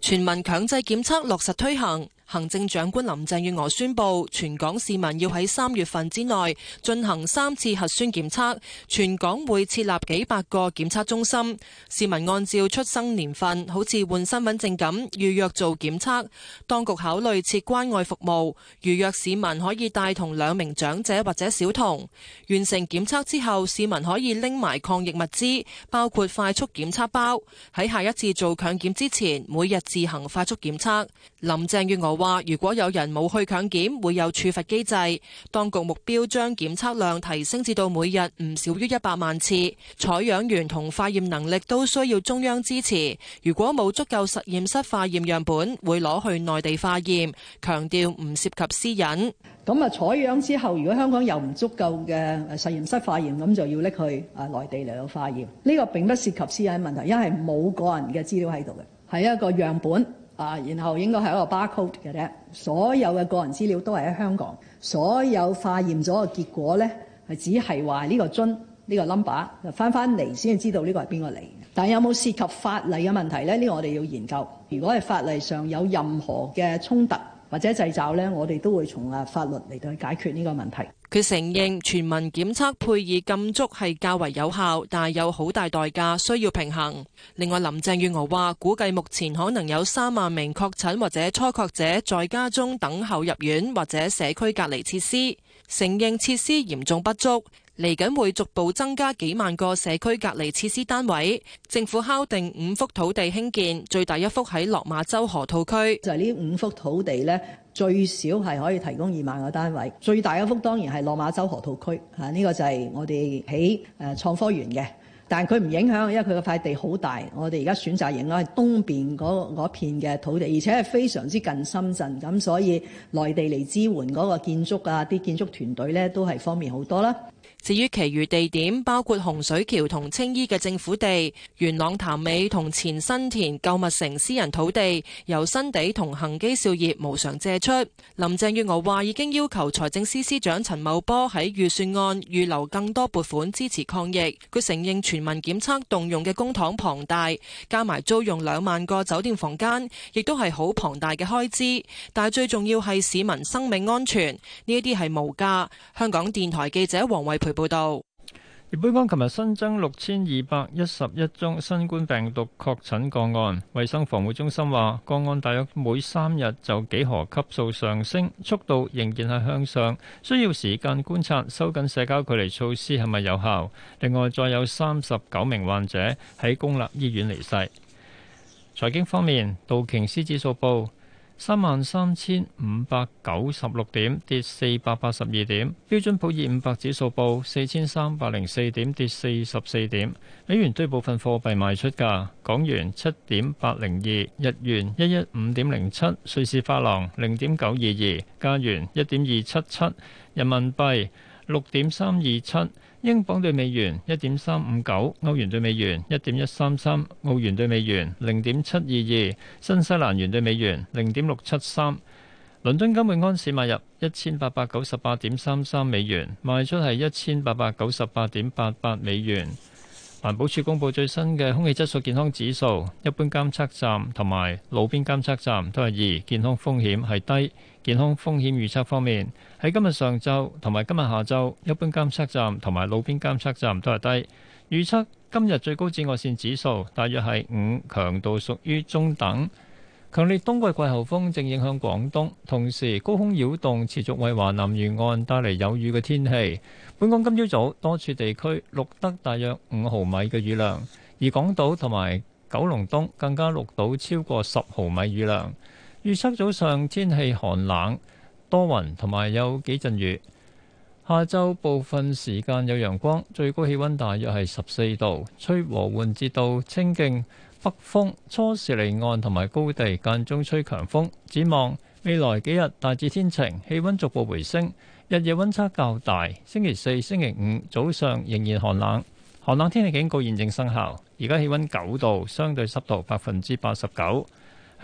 全民強制檢測落實推行。行政長官林鄭月娥宣布，全港市民要喺三月份之內進行三次核酸檢測，全港會設立幾百個檢測中心，市民按照出生年份，好似換身份證咁預約做檢測。當局考慮設關愛服務，預約市民可以帶同兩名長者或者小童。完成檢測之後，市民可以拎埋抗疫物資，包括快速檢測包，喺下一次做強檢之前，每日自行快速檢測。林鄭月娥。話如果有人冇去強檢，會有處罰機制。當局目標將檢測量提升至到每日唔少於一百萬次。採樣員同化驗能力都需要中央支持。如果冇足夠實驗室化驗樣本，會攞去內地化驗。強調唔涉及私隱。咁啊，採樣之後，如果香港有唔足夠嘅誒實驗室化驗，咁就要拎去誒內地嚟到化驗。呢個並不涉及私隱問題，因為冇個人嘅資料喺度嘅，係一個樣本。啊，然後應該係一個 barcode 嘅啫，所有嘅個人資料都係喺香港，所有化驗咗嘅結果呢，係只係話呢個樽呢個 number 就翻翻嚟先至知道呢個係邊個嚟。但係有冇涉及法例嘅問題呢？呢個我哋要研究。如果係法例上有任何嘅衝突，或者製造呢，我哋都會從誒法律嚟到解決呢個問題。佢承認全民檢測配以禁足係較為有效，但有好大代價，需要平衡。另外，林鄭月娥話，估計目前可能有三萬名確診或者初確者在家中等候入院或者社區隔離設施，承認設施嚴重不足。嚟緊會逐步增加幾萬個社區隔離設施單位。政府敲定五幅土地興建，最大一幅喺落馬洲河套區。就係呢五幅土地呢最少係可以提供二萬個單位。最大一幅當然係落馬洲河套區嚇，呢、啊呢個就係我哋喺誒創科園嘅。但係佢唔影響，因為佢個塊地好大。我哋而家選擇影響係東邊嗰片嘅土地，而且係非常之近深圳咁，所以內地嚟支援嗰個建築啊，啲建築團隊呢都係方便好多啦。至於其餘地點，包括洪水橋同青衣嘅政府地、元朗潭尾同前新田購物城私人土地，由新地同恒基兆業無償借出。林鄭月娥話已經要求財政司司長陳茂波喺預算案預留更多撥款支持抗疫。佢承認全民檢測動用嘅公帑龐大，加埋租用兩萬個酒店房間，亦都係好龐大嘅開支。但係最重要係市民生命安全，呢一啲係無價。香港電台記者黃慧培。報道，日本港琴日新增六千二百一十一宗新冠病毒確診個案。衛生防護中心話，個案大約每三日就幾何級數上升，速度仍然係向上，需要時間觀察收緊社交距離措施係咪有效。另外，再有三十九名患者喺公立醫院離世。財經方面，道瓊斯指數報。三萬三千五百九十六點，跌四百八十二點。標準普爾五百指數報四千三百零四點，跌四十四點。美元對部分貨幣賣出價：港元七點八零二，日元一一五點零七，瑞士法郎零點九二二，加元一點二七七，人民幣六點三二七。英鎊兌美元一點三五九，歐元兌美元一點一三三，澳元兌美元零點七二二，新西蘭元兌美元零點六七三。倫敦金每安士買入一千八百九十八點三三美元，賣出係一千八百九十八點八八美元。環保署公布最新嘅空氣質素健康指數，一般監測站同埋路邊監測站都係二，健康風險係低。健康風險預測方面，喺今日上晝同埋今日下晝，一般監測站同埋路邊監測站都係低。預測今日最高紫外線指數大約係五，強度屬於中等。強烈冬季季候風正影響廣東，同時高空擾動持續為華南沿岸帶嚟有雨嘅天氣。本港今朝早多處地區錄得大約五毫米嘅雨量，而港島同埋九龍東更加錄到超過十毫米雨量。預測早上天氣寒冷、多雲同埋有幾陣雨。下晝部分時間有陽光，最高氣温大約係十四度，吹和緩至到清勁北風。初時離岸同埋高地間中吹強風。展望未來幾日大致天晴，氣温逐步回升，日夜温差較大。星期四、星期五早上仍然寒冷。寒冷天氣警告現正生效。而家氣温九度，相對濕度百分之八十九。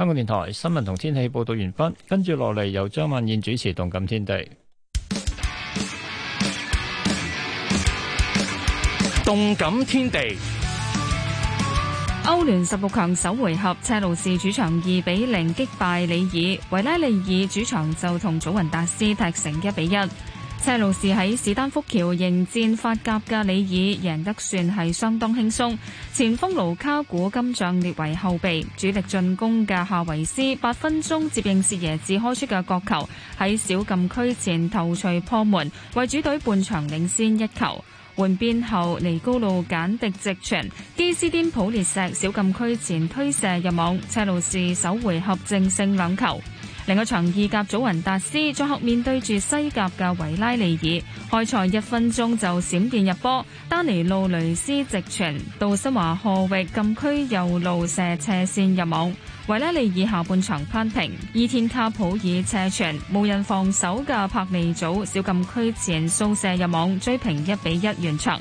香港電台新聞同天氣報道完畢，跟住落嚟由張曼燕主持《動感天地》。動感天地，歐聯十六強首回合，車路士主場二比零擊敗里爾，維拉里爾主場就同祖雲達斯踢成一比一。車路士喺史丹福橋迎戰法甲嘅里爾，贏得算係相當輕鬆。前鋒盧卡古今仗列為後備，主力進攻嘅夏維斯八分鐘接應薛耶治開出嘅角球，喺小禁區前頭槌破門，為主隊半場領先一球。換邊後尼高路簡迪直傳，基斯顛普列石小禁區前推射入網，車路士首回合淨勝兩球。另一個場意甲祖雲達，祖雲達斯作客面對住西甲嘅維拉利爾，開賽一分鐘就閃電入波，丹尼路雷斯直傳到新華河域禁區右路射斜線入網。維拉利爾下半場扳平，伊天卡普爾斜傳無人防守嘅帕利祖小禁區前掃射入網，追平一比一完場。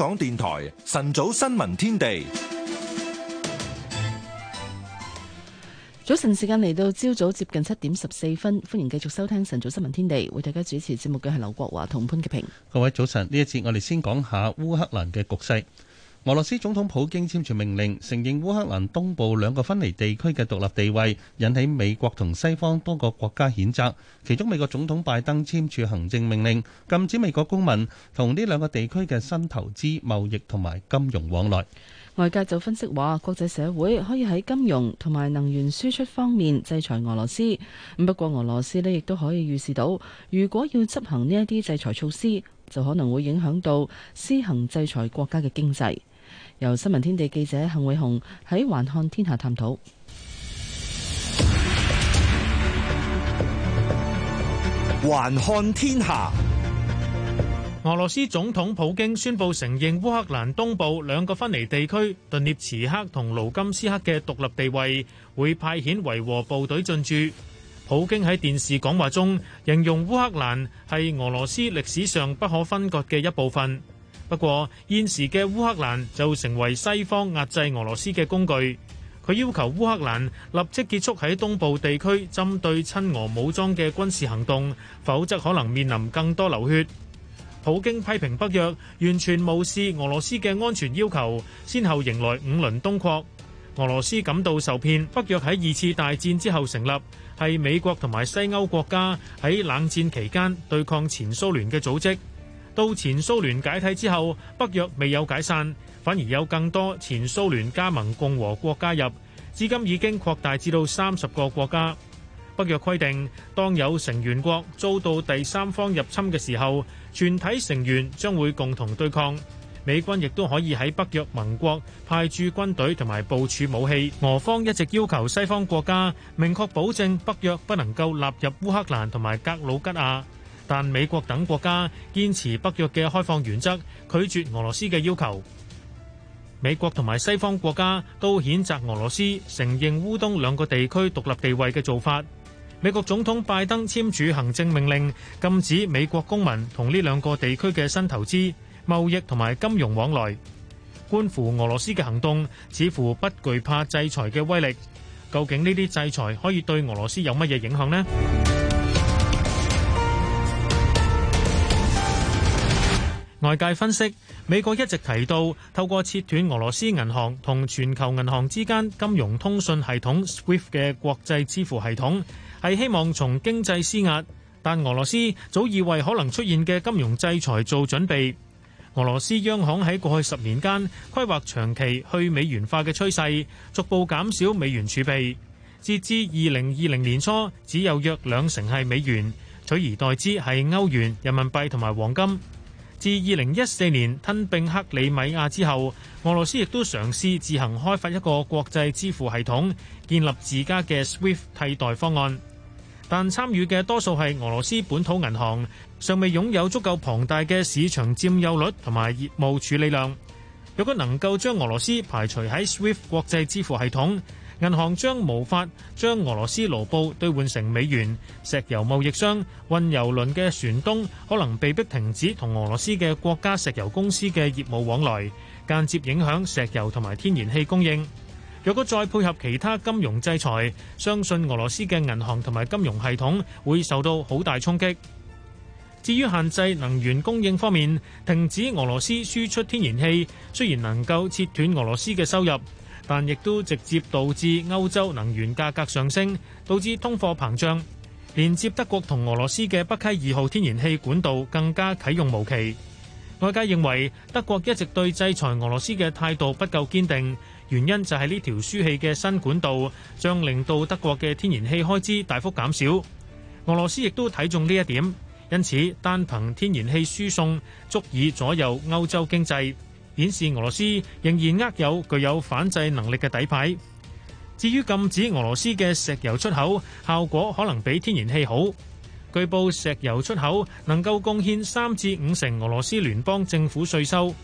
港電台晨早新聞天地，早晨時間嚟到朝早接近七點十四分，歡迎繼續收聽晨早新聞天地，為大家主持節目嘅係劉國華同潘潔平。各位早晨，呢一節我哋先講下烏克蘭嘅局勢。俄羅斯總統普京簽署命令，承認烏克蘭東部兩個分離地區嘅獨立地位，引起美國同西方多個國家譴責。其中，美國總統拜登簽署行政命令，禁止美國公民同呢兩個地區嘅新投資、貿易同埋金融往來。外界就分析話，國際社會可以喺金融同埋能源輸出方面制裁俄羅斯。不過，俄羅斯呢亦都可以預示到，如果要執行呢一啲制裁措施，就可能會影響到施行制裁國家嘅經濟。由新聞天地記者幸偉雄喺《環看天下》探討《環看天下》，俄羅斯總統普京宣布承認烏克蘭東部兩個分離地區頓涅茨克同盧甘斯克嘅獨立地位，會派遣維和部隊進駐。普京喺電視講話中形容烏克蘭係俄羅斯歷史上不可分割嘅一部分。不過，現時嘅烏克蘭就成為西方壓制俄羅斯嘅工具。佢要求烏克蘭立即結束喺東部地區針對親俄武裝嘅軍事行動，否則可能面臨更多流血。普京批評北約完全無視俄羅斯嘅安全要求，先後迎來五輪東擴。俄羅斯感到受騙。北約喺二次大戰之後成立，係美國同埋西歐國家喺冷戰期間對抗前蘇聯嘅組織。到前蘇聯解體之後，北約未有解散，反而有更多前蘇聯加盟共和國加入，至今已經擴大至到三十個國家。北約規定，當有成員國遭到第三方入侵嘅時候，全體成員將會共同對抗。美軍亦都可以喺北約盟國派駐軍隊同埋部署武器。俄方一直要求西方國家明確保證北約不能夠納入烏克蘭同埋格魯吉亞。但美國等國家堅持北約嘅開放原則，拒絕俄羅斯嘅要求。美國同埋西方國家都譴責俄羅斯承認烏東兩個地區獨立地位嘅做法。美國總統拜登簽署行政命令，禁止美國公民同呢兩個地區嘅新投資、貿易同埋金融往來。觀乎俄羅斯嘅行動，似乎不懼怕制裁嘅威力。究竟呢啲制裁可以對俄羅斯有乜嘢影響呢？外界分析，美國一直提到透過切斷俄羅斯銀行同全球銀行之間金融通訊系統 SWIFT 嘅國際支付系統，係希望從經濟施壓，但俄羅斯早已為可能出現嘅金融制裁做準備，俄羅斯央行喺過去十年間規劃長期去美元化嘅趨勢逐步減少美元儲備，截至二零二零年初，只有約兩成係美元，取而代之係歐元、人民幣同埋黃金。自二零一四年吞併克里米亞之後，俄羅斯亦都嘗試自行開發一個國際支付系統，建立自家嘅 SWIFT 替代方案。但參與嘅多數係俄羅斯本土銀行，尚未擁有足夠龐大嘅市場佔有率同埋業務處理量。若果能夠將俄羅斯排除喺 SWIFT 國際支付系統，銀行將無法將俄羅斯盧布兌換成美元，石油貿易商、運油輪嘅船東可能被迫停止同俄羅斯嘅國家石油公司嘅業務往來，間接影響石油同埋天然氣供應。若果再配合其他金融制裁，相信俄羅斯嘅銀行同埋金融系統會受到好大衝擊。至於限制能源供應方面，停止俄羅斯輸出天然氣，雖然能夠切斷俄羅斯嘅收入。但亦都直接導致歐洲能源價格上升，導致通貨膨脹。連接德國同俄羅斯嘅北溪二號天然氣管道更加啟用無期。外界認為德國一直對制裁俄羅斯嘅態度不夠堅定，原因就係呢條輸氣嘅新管道將令到德國嘅天然氣開支大幅減少。俄羅斯亦都睇中呢一點，因此單憑天然氣輸送足以左右歐洲經濟。顯示俄羅斯仍然握有具有反制能力嘅底牌。至於禁止俄羅斯嘅石油出口，效果可能比天然氣好。據報石油出口能夠貢獻三至五成俄羅斯聯邦政府稅收，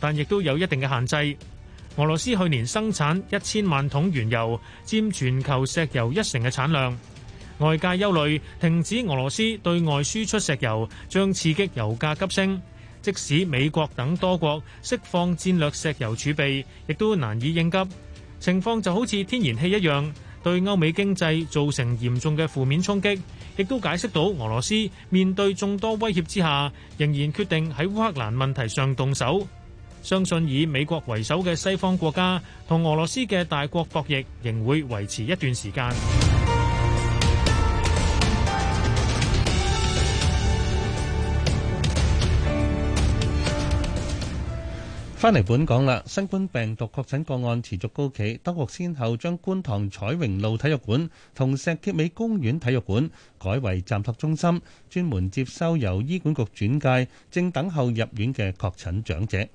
但亦都有一定嘅限制。俄羅斯去年生產一千萬桶原油，佔全球石油一成嘅產量。外界憂慮停止俄羅斯對外輸出石油，將刺激油價急升。即使美國等多國釋放戰略石油儲備亦都難以應急，情況就好似天然氣一樣，對歐美經濟造成嚴重嘅負面衝擊，亦都解釋到俄羅斯面對眾多威脅之下，仍然決定喺烏克蘭問題上動手。相信以美國為首嘅西方國家同俄羅斯嘅大國博弈，仍會維持一段時間。翻嚟本港啦，新冠病毒確診個案持續高企，當局先後將觀塘彩榮路體育館同石硤尾公園體育館改為暫託中心，專門接收由醫管局轉介正等候入院嘅確診長者。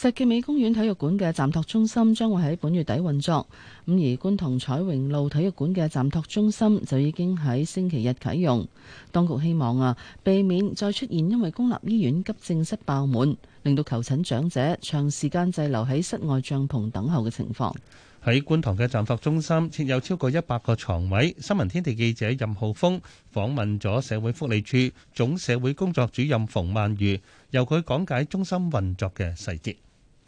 石硖尾公園體育館嘅暫託中心將會喺本月底運作，咁而觀塘彩榮路體育館嘅暫託中心就已經喺星期日啟用。當局希望啊，避免再出現因為公立醫院急症室爆滿，令到求診長，長者長時間滯留喺室外帳篷等候嘅情況。喺觀塘嘅暫託中心設有超過一百個床位。新聞天地記者任浩峰訪問咗社會福利署總社會工作主任馮曼如，由佢講解中心運作嘅細節。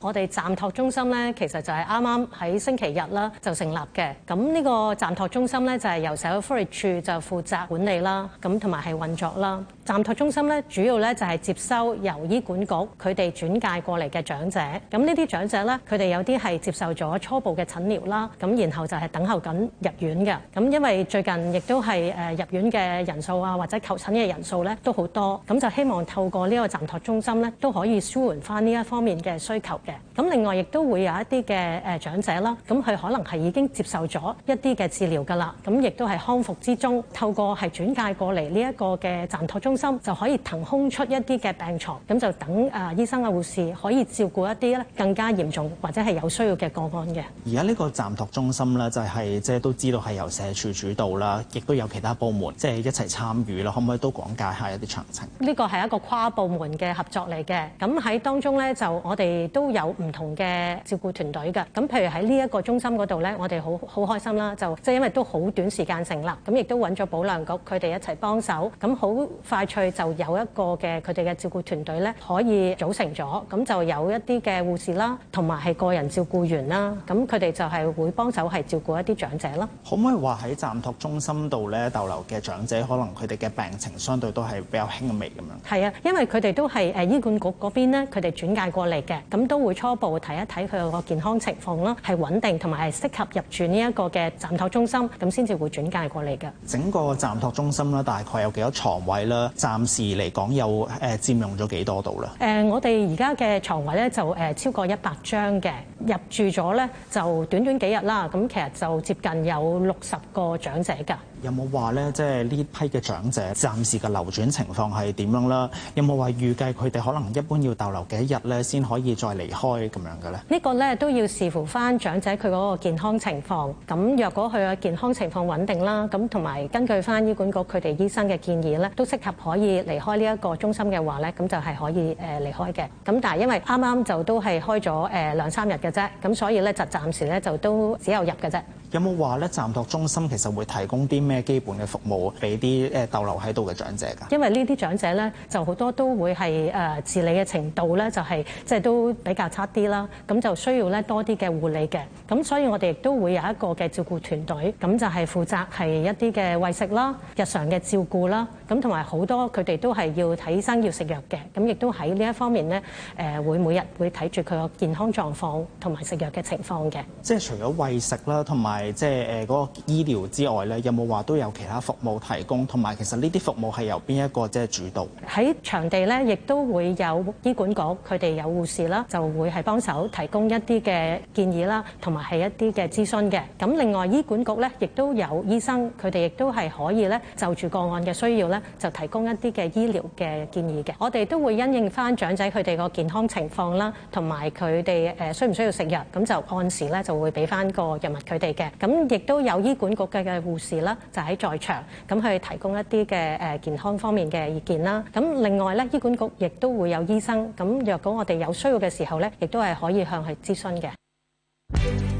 我哋暫託中心咧，其實就係啱啱喺星期日啦就成立嘅。咁呢個暫託中心咧，就係、是、由社會福利處就負責管理啦，咁同埋係運作啦。暫托中心咧，主要咧就係接收由醫管局佢哋轉介過嚟嘅長者。咁呢啲長者咧，佢哋有啲係接受咗初步嘅診療啦，咁然後就係等候緊入院嘅。咁因為最近亦都係誒入院嘅人數啊，或者求診嘅人數咧都好多，咁就希望透過呢一個暫托中心咧都可以舒緩返呢一方面嘅需求嘅。咁另外亦都會有一啲嘅誒長者啦，咁佢可能係已經接受咗一啲嘅治療㗎啦，咁亦都係康復之中。透過係轉介過嚟呢一個嘅暫托中心。中心就可以騰空出一啲嘅病床，咁就等啊醫生啊護士可以照顧一啲咧更加嚴重或者係有需要嘅個案嘅。而家呢個暫托中心咧就係即係都知道係由社署主導啦，亦都有其他部門即係一齊參與啦。可唔可以都講解下一啲詳情？呢個係一個跨部門嘅合作嚟嘅。咁喺當中咧就我哋都有唔同嘅照顧團隊嘅，咁譬如喺呢一個中心嗰度咧，我哋好好開心啦，就即係因為都好短時間成立，咁亦都揾咗保良局佢哋一齊幫手，咁好快。就有一個嘅佢哋嘅照顧團隊咧，可以組成咗，咁就有一啲嘅護士啦，同埋係個人照顧員啦，咁佢哋就係會幫手係照顧一啲長者咯。可唔可以話喺暫托中心度咧逗留嘅長者，可能佢哋嘅病情相對都係比較輕微咁樣？係啊，因為佢哋都係誒醫管局嗰邊咧，佢哋轉介過嚟嘅，咁都會初步睇一睇佢個健康情況啦，係穩定同埋係適合入住呢一個嘅暫托中心，咁先至會轉介過嚟嘅。整個暫托中心咧，大概有幾多床位咧？暫時嚟講，又誒佔用咗幾多度啦？誒、呃，我哋而家嘅床位咧就誒、呃、超過一百張嘅，入住咗咧就短短幾日啦。咁其實就接近有六十個長者㗎。有冇話咧，即係呢批嘅長者暫時嘅流轉情況係點樣啦？有冇話預計佢哋可能一般要逗留幾日咧，先可以再離開咁樣嘅咧？呢個咧都要視乎翻長者佢嗰個健康情況。咁若果佢嘅健康情況穩定啦，咁同埋根據翻醫管局佢哋醫生嘅建議咧，都適合可以離開呢一個中心嘅話咧，咁就係可以誒離開嘅。咁但係因為啱啱就都係開咗誒兩三日嘅啫，咁所以咧就暫時咧就都只有入嘅啫。有冇話咧？暫托中心其實會提供啲咩基本嘅服務俾啲誒逗留喺度嘅長者㗎？因為呢啲長者咧就好多都會係誒自理嘅程度咧，就係、是、即係都比較差啲啦。咁就需要咧多啲嘅護理嘅。咁所以我哋亦都會有一個嘅照顧團隊，咁就係負責係一啲嘅餵食啦、日常嘅照顧啦，咁同埋好多佢哋都係要睇醫生、要食藥嘅。咁亦都喺呢一方面咧，誒、呃、會每日會睇住佢個健康狀況同埋食藥嘅情況嘅。即係除咗餵食啦，同埋係即係誒嗰個醫療之外咧，有冇話都有其他服務提供？同埋其實呢啲服務係由邊一個即係主導？喺場地咧，亦都會有醫管局，佢哋有護士啦，就會係幫手提供一啲嘅建議啦，同埋係一啲嘅諮詢嘅。咁另外醫管局咧，亦都有醫生，佢哋亦都係可以咧就住個案嘅需要咧，就提供一啲嘅醫療嘅建議嘅。我哋都會因應翻長者佢哋個健康情況啦，同埋佢哋誒需唔需要食藥，咁就按時咧就會俾翻個藥物佢哋嘅。咁亦都有醫管局嘅嘅護士啦，就喺在場，咁去提供一啲嘅誒健康方面嘅意見啦。咁另外咧，醫管局亦都會有醫生，咁若果我哋有需要嘅時候咧，亦都係可以向佢諮詢嘅。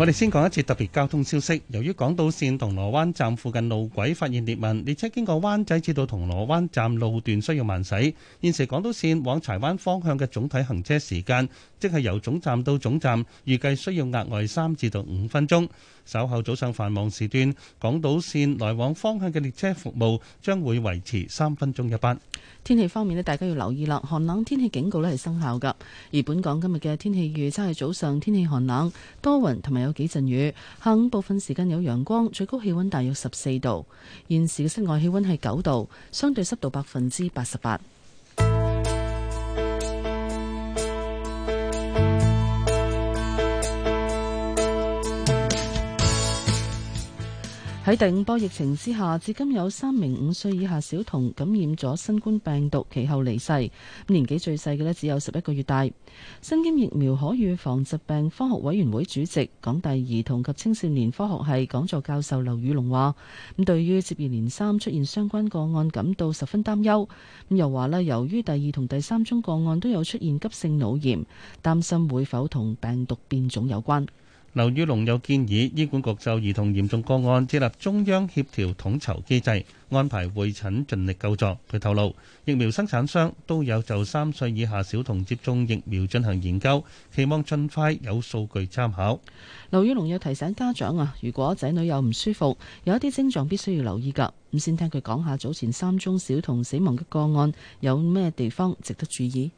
我哋先講一次特別交通消息。由於港島線銅鑼灣站附近路軌發現裂紋，列車經過灣仔至到銅鑼灣站路段需要慢駛。現時港島線往柴灣方向嘅總體行車時間，即係由總站到總站，預計需要額外三至到五分鐘。稍後早上繁忙時段，港島線來往方向嘅列車服務將會維持三分鐘一班。天氣方面咧，大家要留意啦，寒冷天氣警告咧係生效㗎。而本港今日嘅天氣預測係早上天氣寒冷、多雲同埋有幾陣雨，下午部分時間有陽光，最高氣溫大約十四度。現時嘅室外氣溫係九度，相對濕度百分之八十八。喺第五波疫情之下，至今有三名五歲以下小童感染咗新冠病毒，其後離世。年紀最細嘅呢只有十一個月大。新薦疫苗可預防疾病科學委員會主席、港大兒童及青少年科學系講座教授劉宇隆話，咁對於接二連三出現相關個案，感到十分擔憂，咁又話呢，由於第二同第三宗個案都有出現急性腦炎，擔心會否同病毒變種有關。劉宇龍又建議醫管局就兒童嚴重個案設立中央協調統籌機制，安排會診，盡力救助。佢透露，疫苗生產商都有就三歲以下小童接種疫苗進行研究，期望盡快有數據參考。劉宇龍又提醒家長啊，如果仔女有唔舒服，有一啲症狀必須要留意噶。咁先聽佢講下早前三宗小童死亡嘅個案有咩地方值得注意？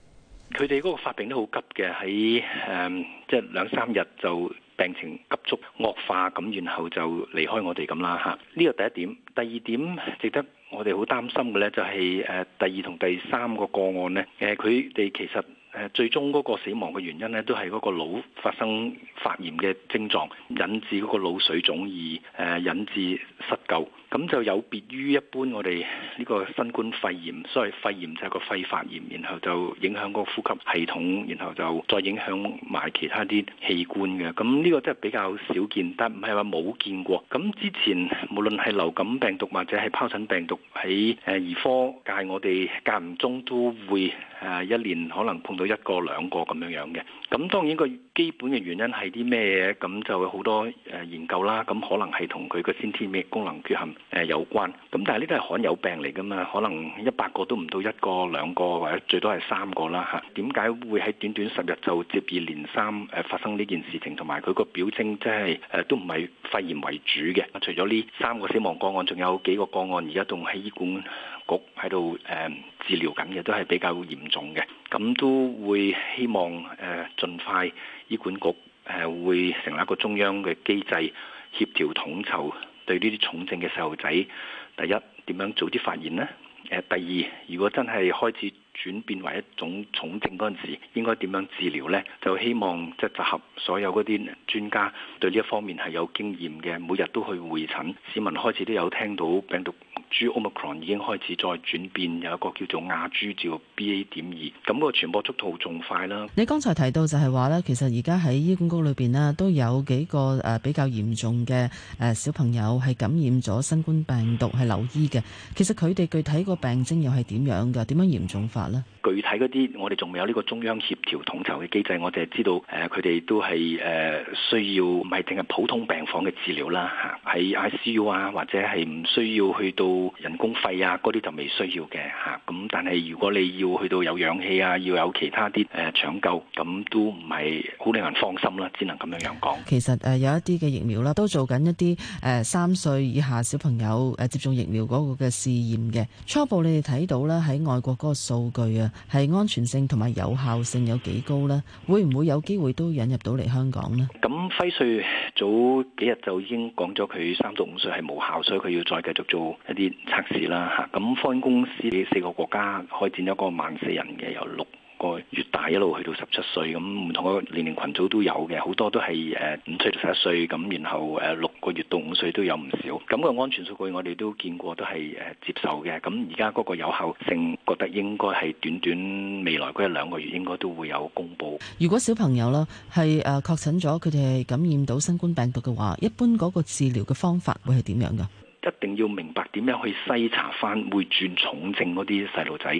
佢哋嗰個發病都好急嘅，喺誒即係兩三日就。病情急速惡化，咁然後就離開我哋咁啦吓，呢個第一點，第二點值得我哋好擔心嘅呢，就係誒第二同第三個個案呢。誒佢哋其實。誒最終嗰個死亡嘅原因咧，都係嗰個腦發生發炎嘅症狀，引致嗰個腦水腫而誒、呃、引致失救。咁就有別於一般我哋呢個新冠肺炎，所謂肺炎就係個肺發炎，然後就影響嗰個呼吸系統，然後就再影響埋其他啲器官嘅。咁呢個真係比較少見，但唔係話冇見過。咁之前無論係流感病毒或者係疱疹病毒，喺誒兒科界我哋間唔中都會誒一年可能碰到一個兩個咁樣樣嘅，咁當然個基本嘅原因係啲咩嘢？咁就會好多誒研究啦。咁可能係同佢個先天咩功能缺陷誒有關。咁但係呢啲係罕有病嚟噶嘛？可能一百個都唔到一個兩個，或者最多係三個啦嚇。點解會喺短短十日就接二連三誒發生呢件事情？同埋佢個表徵即係誒都唔係肺炎為主嘅。除咗呢三個死亡個案，仲有幾個個案而家仲喺醫館局喺度誒治療緊嘅，都係比較嚴重嘅，咁都會希望誒盡快醫管局誒會成立一個中央嘅機制，協調統籌對呢啲重症嘅細路仔，第一點樣早啲發現呢？誒第二如果真係開始，轉變為一種重症嗰陣時，應該點樣治療呢？就希望即係集合所有嗰啲專家對呢一方面係有經驗嘅，每日都去會診。市民開始都有聽到病毒株 Omicron 已經開始再轉變，有一個叫做亞株叫 B A. 點二，咁個傳播速度仲快啦。你剛才提到就係話呢，其實而家喺醫管局裏邊咧都有幾個誒比較嚴重嘅誒小朋友係感染咗新冠病毒係留醫嘅。其實佢哋具體個病徵又係點樣嘅？點樣嚴重化？具體嗰啲我哋仲未有呢個中央協調統籌嘅機制，我哋係知道，誒佢哋都係誒、呃、需要，唔係淨係普通病房嘅治療啦，吓、啊、喺 I C U 啊，或者係唔需要去到人工肺啊，嗰啲就未需要嘅吓。咁、啊、但係如果你要去到有氧氣啊，要有其他啲誒搶救，咁都唔係好令人放心啦，只能咁樣樣講。其實誒有一啲嘅疫苗啦，都做緊一啲誒三歲以下小朋友誒接種疫苗嗰個嘅試驗嘅，初步你哋睇到啦，喺外國嗰個數。具啊，係安全性同埋有效性有幾高呢？會唔會有機會都引入到嚟香港呢？咁輝瑞早幾日就已經講咗佢三到五歲係無效，所以佢要再繼續做一啲測試啦。吓，咁科興公司喺四個國家開展咗一個萬四人嘅有六。個月大一路去到十七歲，咁唔同個年齡群組都有嘅，好多都係誒五歲到十一歲，咁然後誒六個月到五歲都有唔少。咁個安全數據我哋都見過，都係誒接受嘅。咁而家嗰個有效性覺得應該係短短未來嗰一兩個月應該都會有公布。如果小朋友啦係誒確診咗，佢哋係感染到新冠病毒嘅話，一般嗰個治療嘅方法會係點樣噶？一定要明白點樣去篩查翻會轉重症嗰啲細路仔。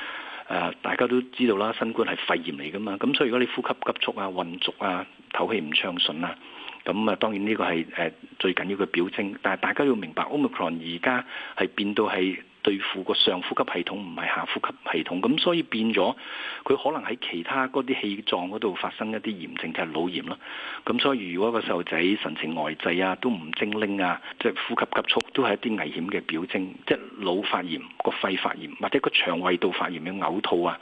大家都知道啦，新冠係肺炎嚟㗎嘛，咁所以如果你呼吸急促啊、混濁啊、唞氣唔暢順啊，咁啊當然呢個係最緊要嘅表徵，但係大家要明白，Omicron 而家係變到係，對付個上呼吸系統唔係下呼吸系統，咁所以變咗佢可能喺其他嗰啲氣臟嗰度發生一啲炎症，就係、是、腦炎啦。咁所以如果個細路仔神情呆滯啊，都唔精靈啊，即、就、係、是、呼吸急促，都係一啲危險嘅表徵，即係腦發炎、個肺發炎或者個腸胃道發炎咁嘔吐啊、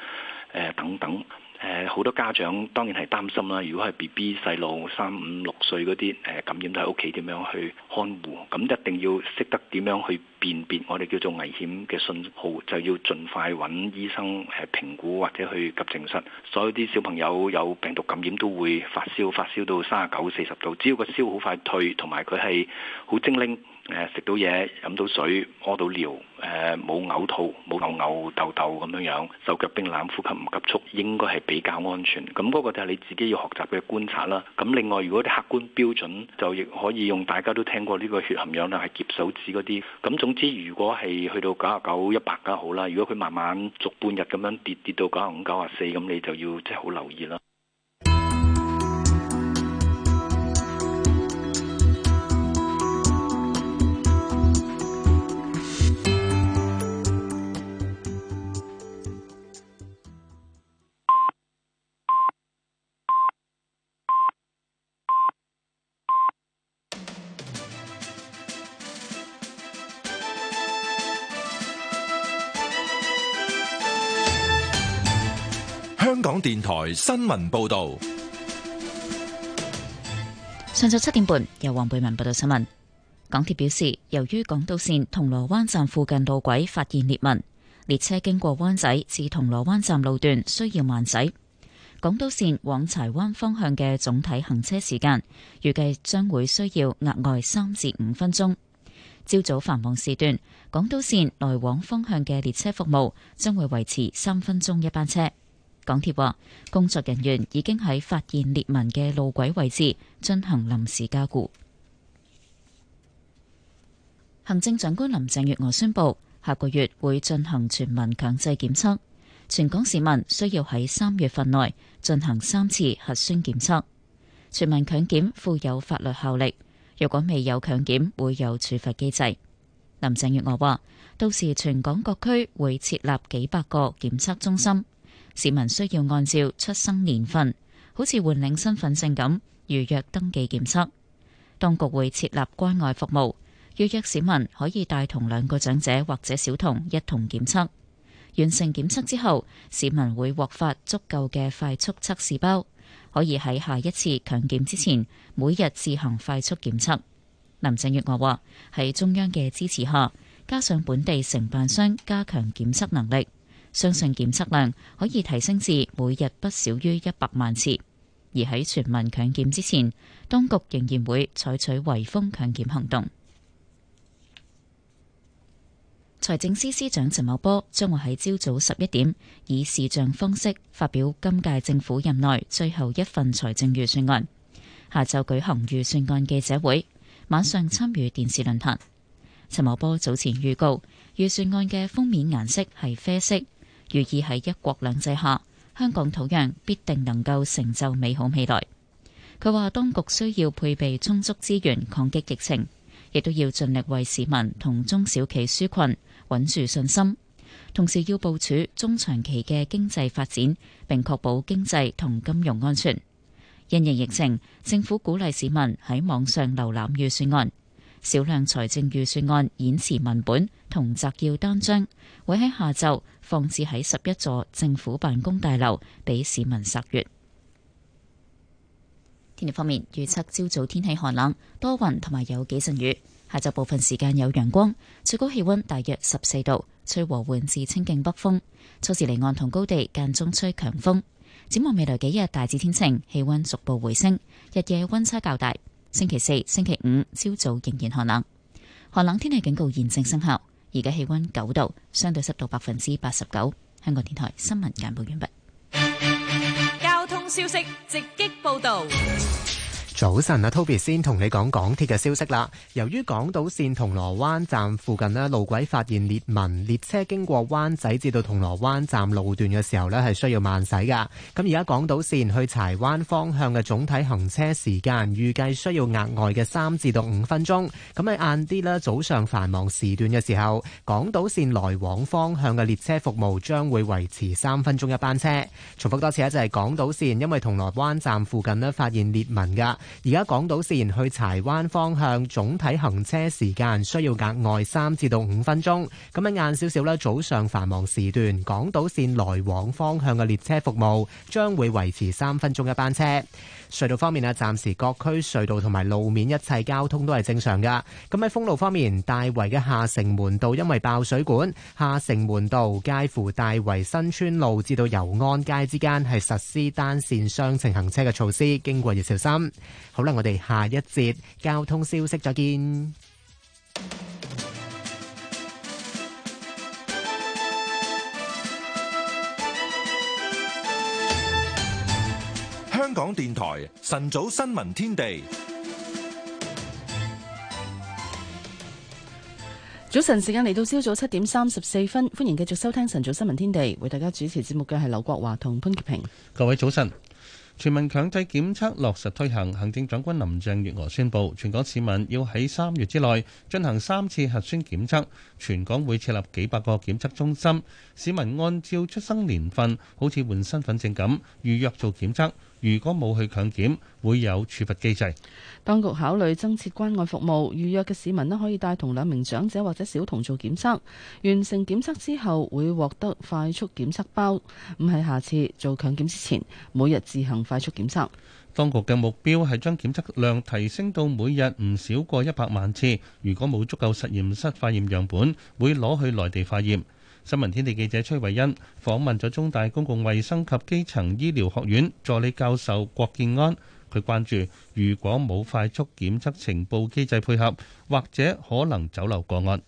誒、呃、等等，誒、呃、好多家長當然係擔心啦。如果係 B B 細路三五六歲嗰啲誒感染，都喺屋企點樣去看護，咁一定要識得點樣去。辨別我哋叫做危險嘅信號，就要盡快揾醫生誒評估或者去急症室。所有啲小朋友有病毒感染都會發燒，發燒到三十九、四十度。只要個燒好快退，同埋佢係好精靈，食到嘢、飲到水、屙到尿，誒、呃、冇嘔吐、冇嘔嘔痘痘咁樣樣，手腳冰冷、呼吸唔急促，應該係比較安全。咁嗰個就係你自己要學習嘅觀察啦。咁另外，如果啲客觀標準就亦可以用，大家都聽過呢個血含氧量係夾手指嗰啲。咁總。知如果係去到九十九、一百梗係好啦，如果佢慢慢逐半日咁樣跌跌到九十五、九十四咁，你就要即係好留意啦。電台新聞報道：上晝七點半，由黃佩文報道新聞。港鐵表示，由於港島綫銅鑼灣站附近路軌發現裂紋，列車經過灣仔至銅鑼灣站路段需要慢駛。港島綫往柴灣方向嘅總體行車時間預計將會需要額外三至五分鐘。朝早繁忙時段，港島綫來往方向嘅列車服務將會維持三分鐘一班車。港鐵話，工作人員已經喺發現裂紋嘅路軌位置進行臨時加固。行政長官林鄭月娥宣布，下個月會進行全民強制檢測，全港市民需要喺三月份內進行三次核酸檢測。全民強檢富有法律效力，若果未有強檢會有處罰機制。林鄭月娥話，到時全港各區會設立幾百個檢測中心。市民需要按照出生年份，好似換領身份證咁預約登記檢測。當局會設立關愛服務，預約市民可以帶同兩個長者或者小童一同檢測。完成檢測之後，市民會獲發足夠嘅快速測試包，可以喺下一次強檢之前每日自行快速檢測。林鄭月娥話：喺中央嘅支持下，加上本地承辦商加強檢測能力。相信檢測量可以提升至每日不少於一百萬次，而喺全民強檢之前，當局仍然會採取圍封強檢行動。財政司司長陳茂波將會喺朝早十一點以視像方式發表今屆政府任內最後一份財政預算案，下晝舉行預算案記者會，晚上參與電視論壇。陳茂波早前預告，預算案嘅封面顏色係啡色。寓意喺一國兩制下，香港土壤必定能夠成就美好未來，佢話當局需要配備充足資源抗擊疫情，亦都要盡力為市民同中小企紓困，穩住信心，同時要部署中長期嘅經濟發展，並確保經濟同金融安全。因應疫情，政府鼓勵市民喺網上瀏覽預算案。少量財政預算案演詞文本同摘要單張會喺下晝放置喺十一座政府辦公大樓，俾市民查閱。天氣方面，預測朝早天氣寒冷，多雲同埋有幾陣雨；下晝部分時間有陽光，最高氣溫大約十四度，吹和緩至清勁北風。初時離岸同高地間中吹強風。展望未來幾日，大致天晴，氣溫逐步回升，日夜溫差較大。星期四、星期五朝早仍然寒冷，寒冷天氣警告現正生效。而家氣溫九度，相對濕度百分之八十九。香港電台新聞簡報完畢。交通消息直擊報道。早晨啊，Toby 先同你講港鐵嘅消息啦。由於港島線銅鑼灣站附近呢，路軌發現裂紋，列車經過灣仔至到銅鑼灣站路段嘅時候咧係需要慢駛噶。咁而家港島線去柴灣方向嘅總體行車時間預計需要額外嘅三至到五分鐘。咁喺晏啲咧，早上繁忙時段嘅時候，港島線來往方向嘅列車服務將會維持三分鐘一班車。重複多次咧就係、是、港島線，因為銅鑼灣站附近咧發現裂紋噶。而家港島線去柴灣方向總體行車時間需要額外三至到五分鐘。咁喺晏少少咧，早上繁忙時段，港島線來往方向嘅列車服務將會維持三分鐘一班車。隧道方面啊，暫時各區隧道同埋路面一切交通都係正常噶。咁喺封路方面，大圍嘅下城門道因為爆水管，下城門道介乎大圍新村路至到油安街之間係實施單線雙程行車嘅措施，經過要小心。好啦，我哋下一節交通消息再見。香港電台晨早新聞天地，早晨時間嚟到，朝早七點三十四分，歡迎繼續收聽晨早新聞天地，為大家主持節目嘅係劉國華同潘潔平。各位早晨，全民強制檢測落實推行，行政長官林鄭月娥宣布，全港市民要喺三月之內進行三次核酸檢測，全港會設立幾百個檢測中心，市民按照出生年份，好似換身份證咁預約做檢測。如果冇去強檢，會有處罰機制。當局考慮增設關愛服務，預約嘅市民呢可以帶同兩名長者或者小童做檢測。完成檢測之後，會獲得快速檢測包。咁喺下次做強檢之前，每日自行快速檢測。當局嘅目標係將檢測量提升到每日唔少過一百萬次。如果冇足夠實驗室化驗樣本，會攞去內地化驗。新聞天地記者崔偉恩訪問咗中大公共衛生及基層醫療學院助理教授郭建安，佢關注如果冇快速檢測情報機制配合，或者可能走漏個案。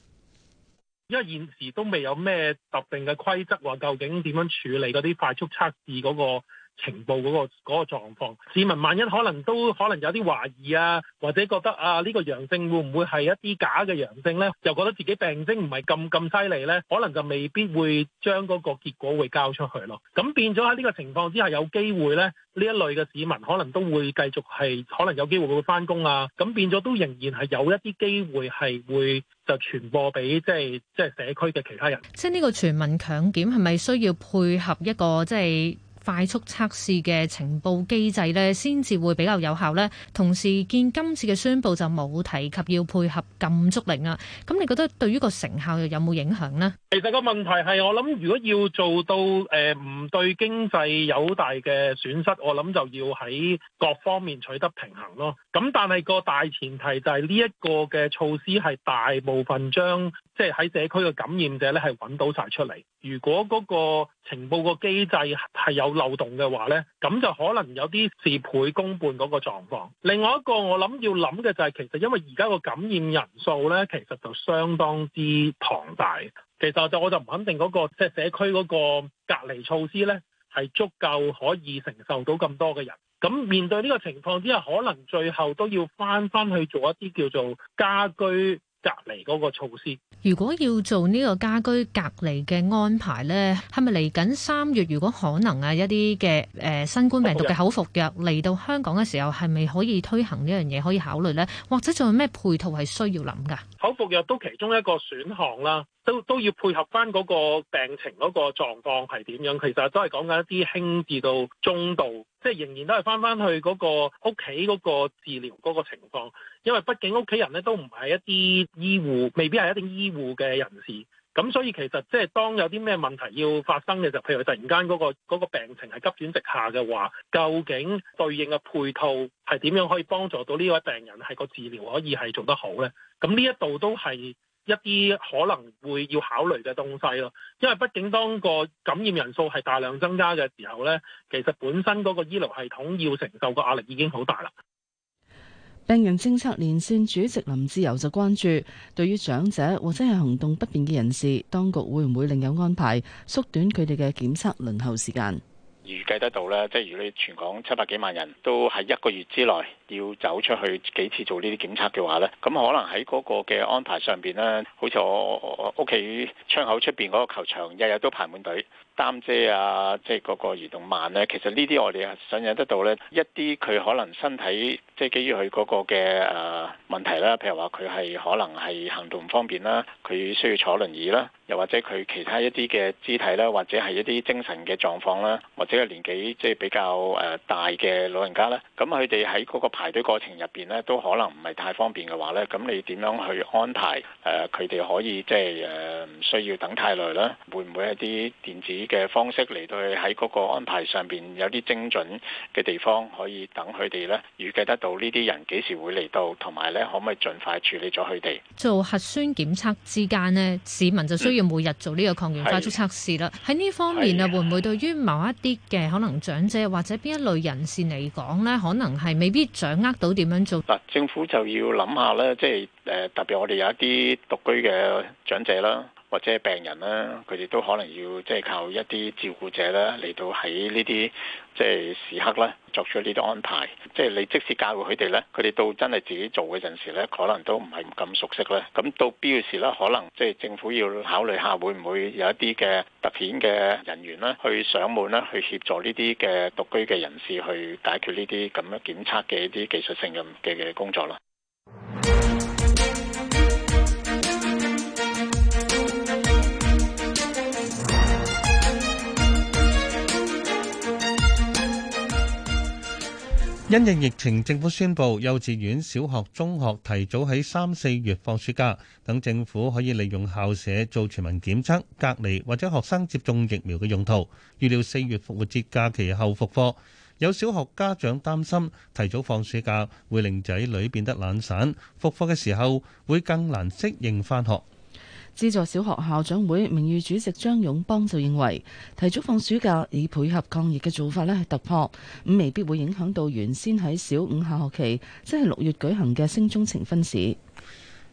因為現時都未有咩特定嘅規則，話究竟點樣處理嗰啲快速測試嗰個。情報嗰個嗰個狀況，市民萬一可能都可能有啲懷疑啊，或者覺得啊，呢個陽性會唔會係一啲假嘅陽性呢？又覺得自己病徵唔係咁咁犀利呢，可能就未必會將嗰個結果會交出去咯。咁變咗喺呢個情況之下，有機會呢，呢一類嘅市民可能都會繼續係可能有機會會翻工啊。咁變咗都仍然係有一啲機會係會就傳播俾即係即係社區嘅其他人。即係呢個全民強檢係咪需要配合一個即係？快速測試嘅情報機制咧，先至會比較有效呢。同時見今次嘅宣佈就冇提及要配合禁足令啊。咁你覺得對於個成效又有冇影響呢？其實個問題係，我諗如果要做到誒唔、呃、對經濟有大嘅損失，我諗就要喺各方面取得平衡咯。咁但係個大前提就係呢一個嘅措施係大部分將即係喺社區嘅感染者咧係揾到晒出嚟。如果嗰個情報個機制係有漏洞嘅話咧，咁就可能有啲事倍功半嗰個狀況。另外一個我諗要諗嘅就係、是，其實因為而家個感染人數咧，其實就相當之龐大。其實就我就唔肯定嗰個即係社區嗰個隔離措施咧，係足夠可以承受到咁多嘅人。咁面對呢個情況之下，可能最後都要返返去做一啲叫做家居隔離嗰個措施。如果要做呢個家居隔離嘅安排咧，係咪嚟緊三月？如果可能啊，一啲嘅誒新冠病毒嘅口服藥嚟到香港嘅時候，係咪可以推行呢樣嘢可以考慮咧？或者仲有咩配套係需要諗㗎？口服藥都其中一個選項啦。都都要配合翻嗰個病情嗰個狀況係點樣？其實都係講緊一啲輕至到中度，即係仍然都係翻翻去嗰個屋企嗰個治療嗰個情況，因為畢竟屋企人咧都唔係一啲醫護，未必係一定醫護嘅人士，咁所以其實即係當有啲咩問題要發生嘅時候，譬如話突然間嗰個嗰個病情係急轉直下嘅話，究竟對應嘅配套係點樣可以幫助到呢位病人係個治療可以係做得好咧？咁呢一度都係。一啲可能會要考慮嘅東西咯，因為畢竟當個感染人數係大量增加嘅時候呢，其實本身嗰個醫療系統要承受嘅壓力已經好大啦。病人政策連線主席林志游就關注，對於長者或者係行動不便嘅人士，當局會唔會另有安排，縮短佢哋嘅檢測輪候時間？預計得到咧，即係如果你全港七百幾萬人，都係一個月之內要走出去幾次做呢啲檢測嘅話咧，咁可能喺嗰個嘅安排上邊咧，好似我屋企窗口出邊嗰個球場，日日都排滿隊擔遮啊，即係嗰個移動慢咧，其實呢啲我哋係想像得到咧，一啲佢可能身體。即係基於佢嗰個嘅誒問題啦，譬如話佢係可能係行動唔方便啦，佢需要坐輪椅啦，又或者佢其他一啲嘅肢體啦，或者係一啲精神嘅狀況啦，或者係年紀即係比較誒大嘅老人家咧，咁佢哋喺嗰個排隊過程入邊咧，都可能唔係太方便嘅話咧，咁你點樣去安排誒佢哋可以即係誒唔需要等太耐啦，會唔會一啲電子嘅方式嚟到喺嗰個安排上邊有啲精準嘅地方可以等佢哋咧預計得到？呢啲人幾時會嚟到？同埋咧，可唔可以盡快處理咗佢哋？做核酸檢測之間呢，市民就需要每日做呢個抗原快速測試啦。喺呢、嗯、方面啊，的會唔會對於某一啲嘅可能長者或者邊一類人士嚟講呢？可能係未必掌握到點樣做、嗯？政府就要諗下咧，即係誒、呃，特別我哋有一啲獨居嘅長者啦。或者係病人啦，佢哋都可能要即係靠一啲照顧者啦，嚟到喺呢啲即係時刻咧作出呢啲安排。即係你即使教育佢哋咧，佢哋到真係自己做 𠮶 陣時咧，可能都唔係咁熟悉咧。咁到必要時啦可能即係政府要考慮下會唔會有一啲嘅特遣嘅人員啦去上門啦去協助呢啲嘅獨居嘅人士去解決呢啲咁樣檢測嘅一啲技術性嘅嘅工作啦。因應疫情，政府宣布幼稚園小學中學提早喺三四月放暑假，等政府可以利用校舍做全民檢測隔離或者學生接種疫苗嘅用途。預料四月復活節假期後復課。有小學家長擔心提早放暑假會令仔女變得懶散，復課嘅時候會更難適應翻學。資助小學校長會名譽主席張勇邦就認為，提早放暑假以配合抗疫嘅做法呢係突破，咁未必會影響到原先喺小五下學期，即係六月舉行嘅升中呈分試。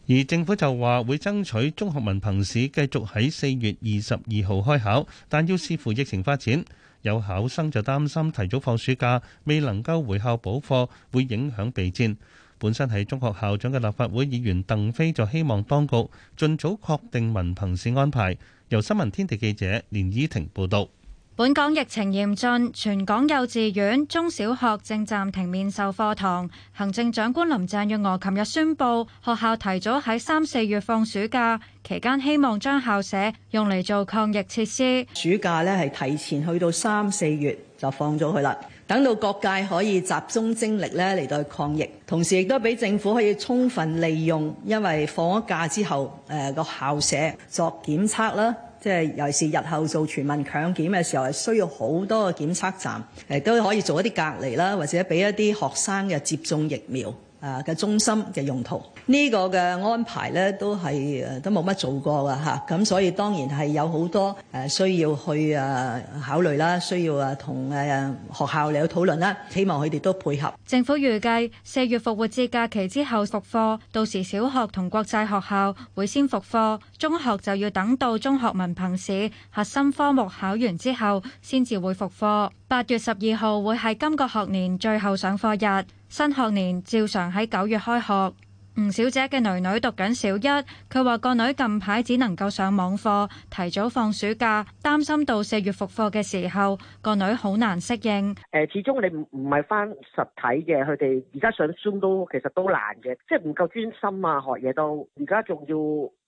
而政府就話會爭取中學文憑試繼續喺四月二十二號開考，但要視乎疫情發展。有考生就擔心提早放暑假未能夠回校補課，會影響備戰。本身喺中學校長嘅立法會議員鄧飛就希望當局盡早確定文憑試安排。由新聞天地記者連依婷報導。本港疫情嚴峻，全港幼稚園、中小學正暫停面授課堂。行政長官林鄭月娥琴日宣布，學校提早喺三四月放暑假，期間希望將校舍用嚟做抗疫設施。暑假呢係提前去到三四月就放咗佢啦。等到各界可以集中精力咧嚟到抗疫，同時亦都俾政府可以充分利用，因為放咗假之後誒個、呃、校舍作檢測啦，即係尤其是日後做全民強檢嘅時候，係需要好多嘅檢測站，亦都可以做一啲隔離啦，或者俾一啲學生嘅接種疫苗啊嘅中心嘅用途。呢個嘅安排咧，都係都冇乜做過㗎吓，咁、啊、所以當然係有好多誒需要去啊考慮啦，需要啊同誒學校嚟去討論啦。希望佢哋都配合。政府預計四月復活節假期之後復課，到時小學同國際學校會先復課，中學就要等到中學文憑試核心科目考完之後先至會復課。八月十二號會係今個學年最後上課日，新學年照常喺九月開學。吳小姐嘅女女讀緊小一，佢話個女近排只能夠上網課，提早放暑假，擔心到四月復課嘅時候，個女好難適應。誒，始終你唔唔係返實體嘅，佢哋而家上 zoom 都其實都難嘅，即係唔夠專心啊，學嘢都。而家仲要。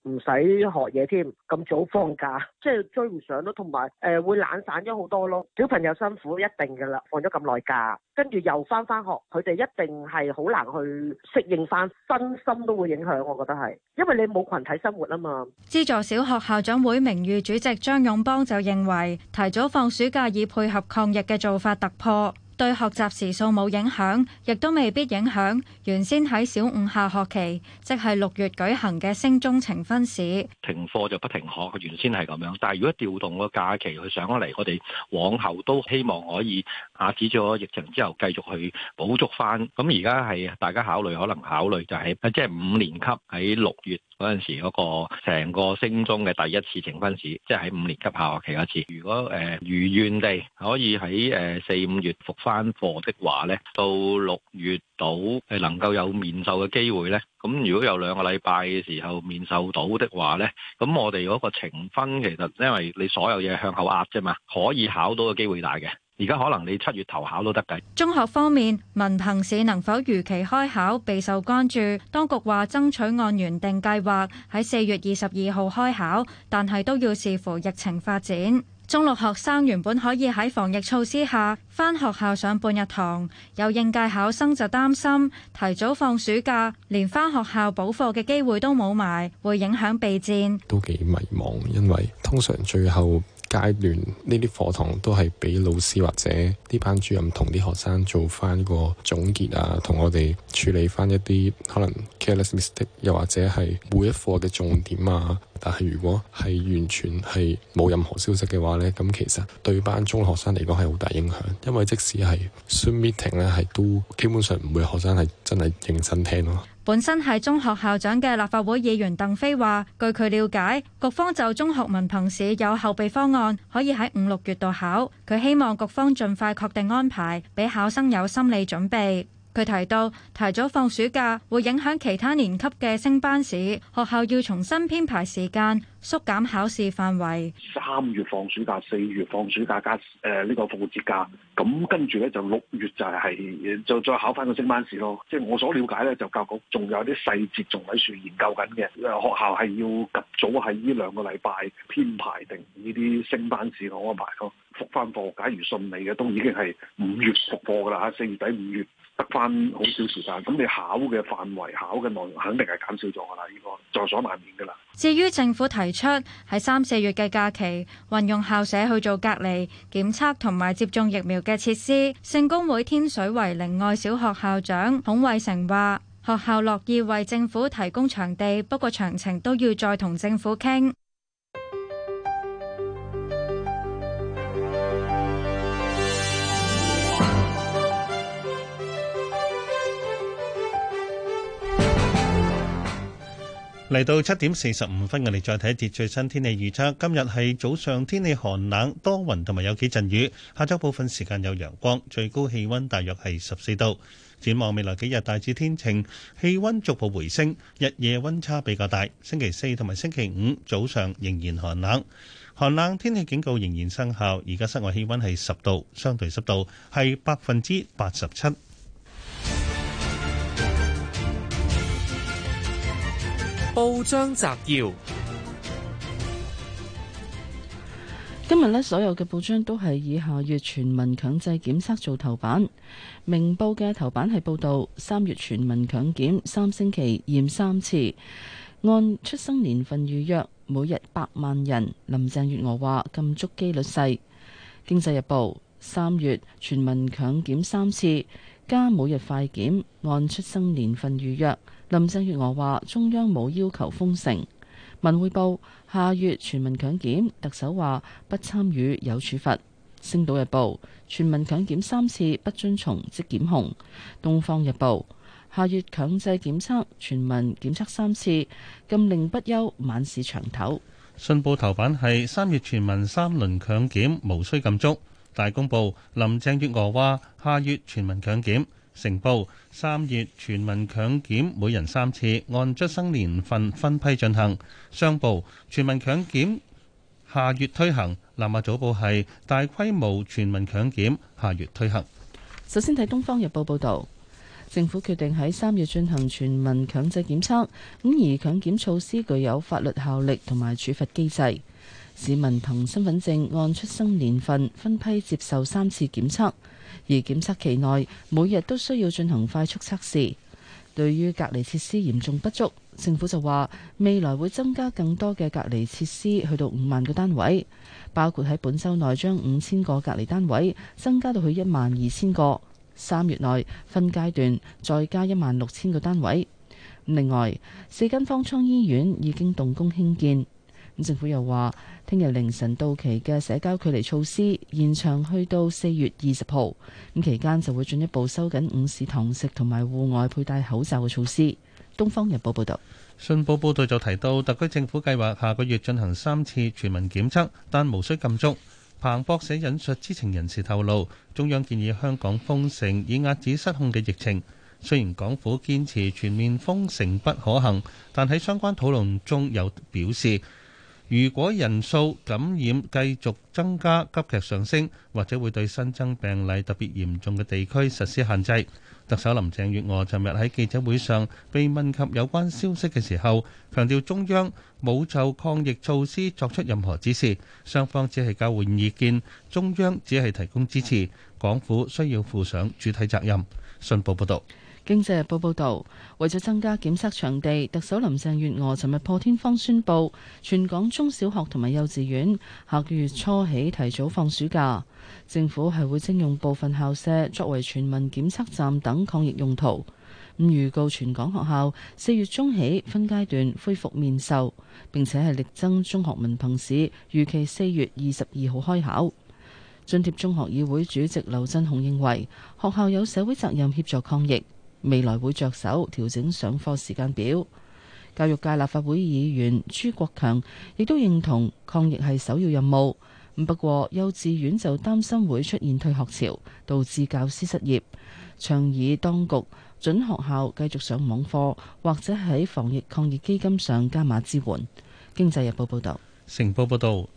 唔使學嘢添，咁早放假，即係追唔上咯。同埋誒，會懶散咗好多咯。小朋友辛苦一定噶啦，放咗咁耐假，跟住又翻翻學，佢哋一定係好難去適應翻，身心都會影響。我覺得係，因為你冇群體生活啊嘛。資助小學校長會名譽主席張勇邦就認為，提早放暑假以配合抗疫嘅做法突破。對學習時數冇影響，亦都未必影響原先喺小五下學期，即係六月舉行嘅升中呈分試。停課就不停學，原先係咁樣。但係如果調動個假期去上咗嚟，我哋往後都希望可以。壓止咗疫情之後，繼續去補足翻。咁而家係大家考慮，可能考慮就係、是，即係五年級喺六月嗰陣時嗰個成個升中嘅第一次呈分試，即係喺五年級下學期嗰次。如果誒、呃、如願地可以喺誒四五月復翻課的話呢，到六月到誒能夠有面授嘅機會呢，咁如果有兩個禮拜嘅時候面授到的話呢，咁我哋嗰個呈分其實因為你所有嘢向後壓啫嘛，可以考到嘅機會大嘅。而家可能你七月頭考都得嘅。中學方面，文憑試能否如期開考備受關注。當局話爭取按原定計劃喺四月二十二號開考，但係都要視乎疫情發展。中六學生原本可以喺防疫措施下返學校上半日堂，有應屆考生就擔心提早放暑假，連返學校補課嘅機會都冇埋，會影響備戰。都幾迷茫，因為通常最後。階段呢啲課堂都係畀老師或者啲班主任同啲學生做翻個總結啊，同我哋處理翻一啲可能 careless mistake，又或者係每一課嘅重點啊。但係如果係完全係冇任何消息嘅話呢，咁其實對班中學生嚟講係好大影響，因為即使係 Zoom meeting 呢，係都基本上唔會學生係真係認真聽咯，啊。本身係中學校長嘅立法會議員鄧飛話，據佢了解，局方就中學文憑試有後備方案，可以喺五六月度考。佢希望局方盡快確定安排，俾考生有心理準備。佢提到提早放暑假會影響其他年級嘅升班試，學校要重新編排時間，縮減考試範圍。三月放暑假，四月放暑假加誒呢、呃這個復活節假，咁、嗯、跟住咧就六月就係、是、就再考翻個升班試咯。即係我所了解咧，就教局仲有啲細節仲喺樹研究緊嘅，學校係要及早喺呢兩個禮拜編排定呢啲升班試嘅安排咯。復翻課，假如順利嘅都已經係五月復課㗎啦嚇，四月底，五月得翻好少時間。咁你考嘅範圍，考嘅內容肯定係減少咗㗎啦，呢個在所難免㗎啦。至於政府提出喺三四月嘅假期運用校舍去做隔離檢測同埋接種疫苗嘅設施，聖公會天水圍靈愛小學校長孔偉成話：學校樂意為政府提供場地，不過詳情都要再同政府傾。嚟到七點四十五分，我哋再睇一節最新天氣預測。今日係早上天氣寒冷多雲同埋有幾陣雨，下晝部分時間有陽光，最高氣温大約係十四度。展望未來幾日大致天晴，氣温逐步回升，日夜温差比較大。星期四同埋星期五早上仍然寒冷，寒冷天氣警告仍然生效。而家室外氣温係十度，相對濕度係百分之八十七。報章摘要：今日呢，所有嘅報章都係以下月全民強制檢測做頭版。明報嘅頭版係報道三月全民強檢三星期驗三次，按出生年份預約，每日百萬人。林鄭月娥話：禁足機率細。經濟日報：三月全民強檢三次，加每日快檢，按出生年份預約。林鄭月娥話：中央冇要求封城。文匯報：下月全民強檢，特首話不參與有處罰。星島日報：全民強檢三次不遵從即檢控。東方日報：下月強制檢測全民檢測三次，禁令不休，晚市長頭。信報頭版係三月全民三輪強檢，無需禁足。大公報：林鄭月娥話下月全民強檢。成報，三月全民強檢，每人三次，按出生年份分批進行。商報，全民強檢下月推行。南亞早報係大規模全民強檢下月推行。首先睇《東方日報》報導，政府決定喺三月進行全民強制檢測，咁而強檢措施具有法律效力同埋處罰機制。市民憑身份證按出生年份分批接受三次檢測。而檢測期內，每日都需要進行快速測試。對於隔離設施嚴重不足，政府就話未來會增加更多嘅隔離設施，去到五萬個單位，包括喺本週內將五千個隔離單位增加到去一萬二千個，三月內分階段再加一萬六千個單位。另外，四間方艙醫院已經動工興建。政府又話，聽日凌晨到期嘅社交距離措施延長去到四月二十號。咁期間就會進一步收緊午市堂食同埋戶外佩戴口罩嘅措施。《東方日報》報導，《信報》報道就提到，特區政府計劃下個月進行三次全民檢測，但無需禁足。彭博社引述知情人士透露，中央建議香港封城以壓止失控嘅疫情。雖然港府堅持全面封城不可行，但喺相關討論中有表示。如果人數感染繼續增加、急劇上升，或者會對新增病例特別嚴重嘅地區實施限制。特首林鄭月娥尋日喺記者會上被問及有關消息嘅時候，強調中央冇就抗疫措施作出任何指示，雙方只係交換意見，中央只係提供支持，港府需要負上主體責任。信報報道。經濟日報報導，為咗增加檢測場地，特首林鄭月娥尋日破天荒宣布，全港中小學同埋幼稚園下個月初起提早放暑假。政府係會徵用部分校舍作為全民檢測站等抗疫用途。咁預告全港學校四月中起分階段恢復面授，並且係力爭中學文憑試預期四月二十二號開考。津貼中學議會主席劉振雄認為，學校有社會責任協助抗疫。未來會着手調整上課時間表。教育界立法會議員朱國強亦都認同抗疫係首要任務。不過幼稚園就擔心會出現退學潮，導致教師失業，倡議當局准學校繼續上網課，或者喺防疫抗疫基金上加碼支援。經濟日報報道，成報報道。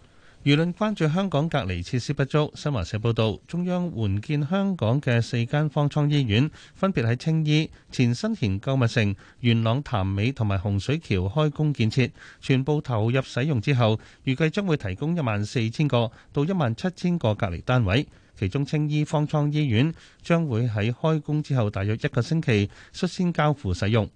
輿論關注香港隔離設施不足。新華社報導，中央援建香港嘅四間方艙醫院，分別喺青衣、前新田購物城、元朗潭尾同埋洪水橋開工建設，全部投入使用之後，預計將會提供一萬四千個到一萬七千個隔離單位。其中，青衣方艙醫院將會喺開工之後大約一個星期率先交付使用。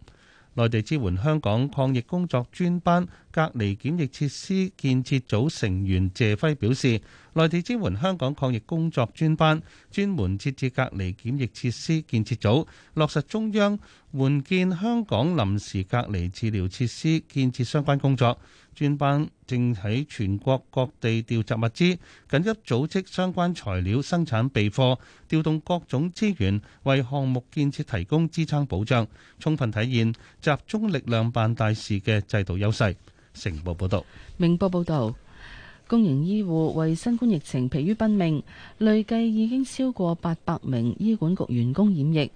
內地支援香港抗疫工作專班隔離檢疫設施建設組成員謝輝表示，內地支援香港抗疫工作專班專門設置隔離檢疫設施建設組，落實中央援建香港臨時隔離治療設施建設相關工作。專班正喺全國各地調集物資，緊急組織相關材料生產備貨，調動各種資源為項目建設提供支撐保障，充分體現集中力量辦大事嘅制度優勢。成報報道，明報報道，公營醫護為新冠疫情疲於奔命，累計已經超過八百名醫管局員工染疫。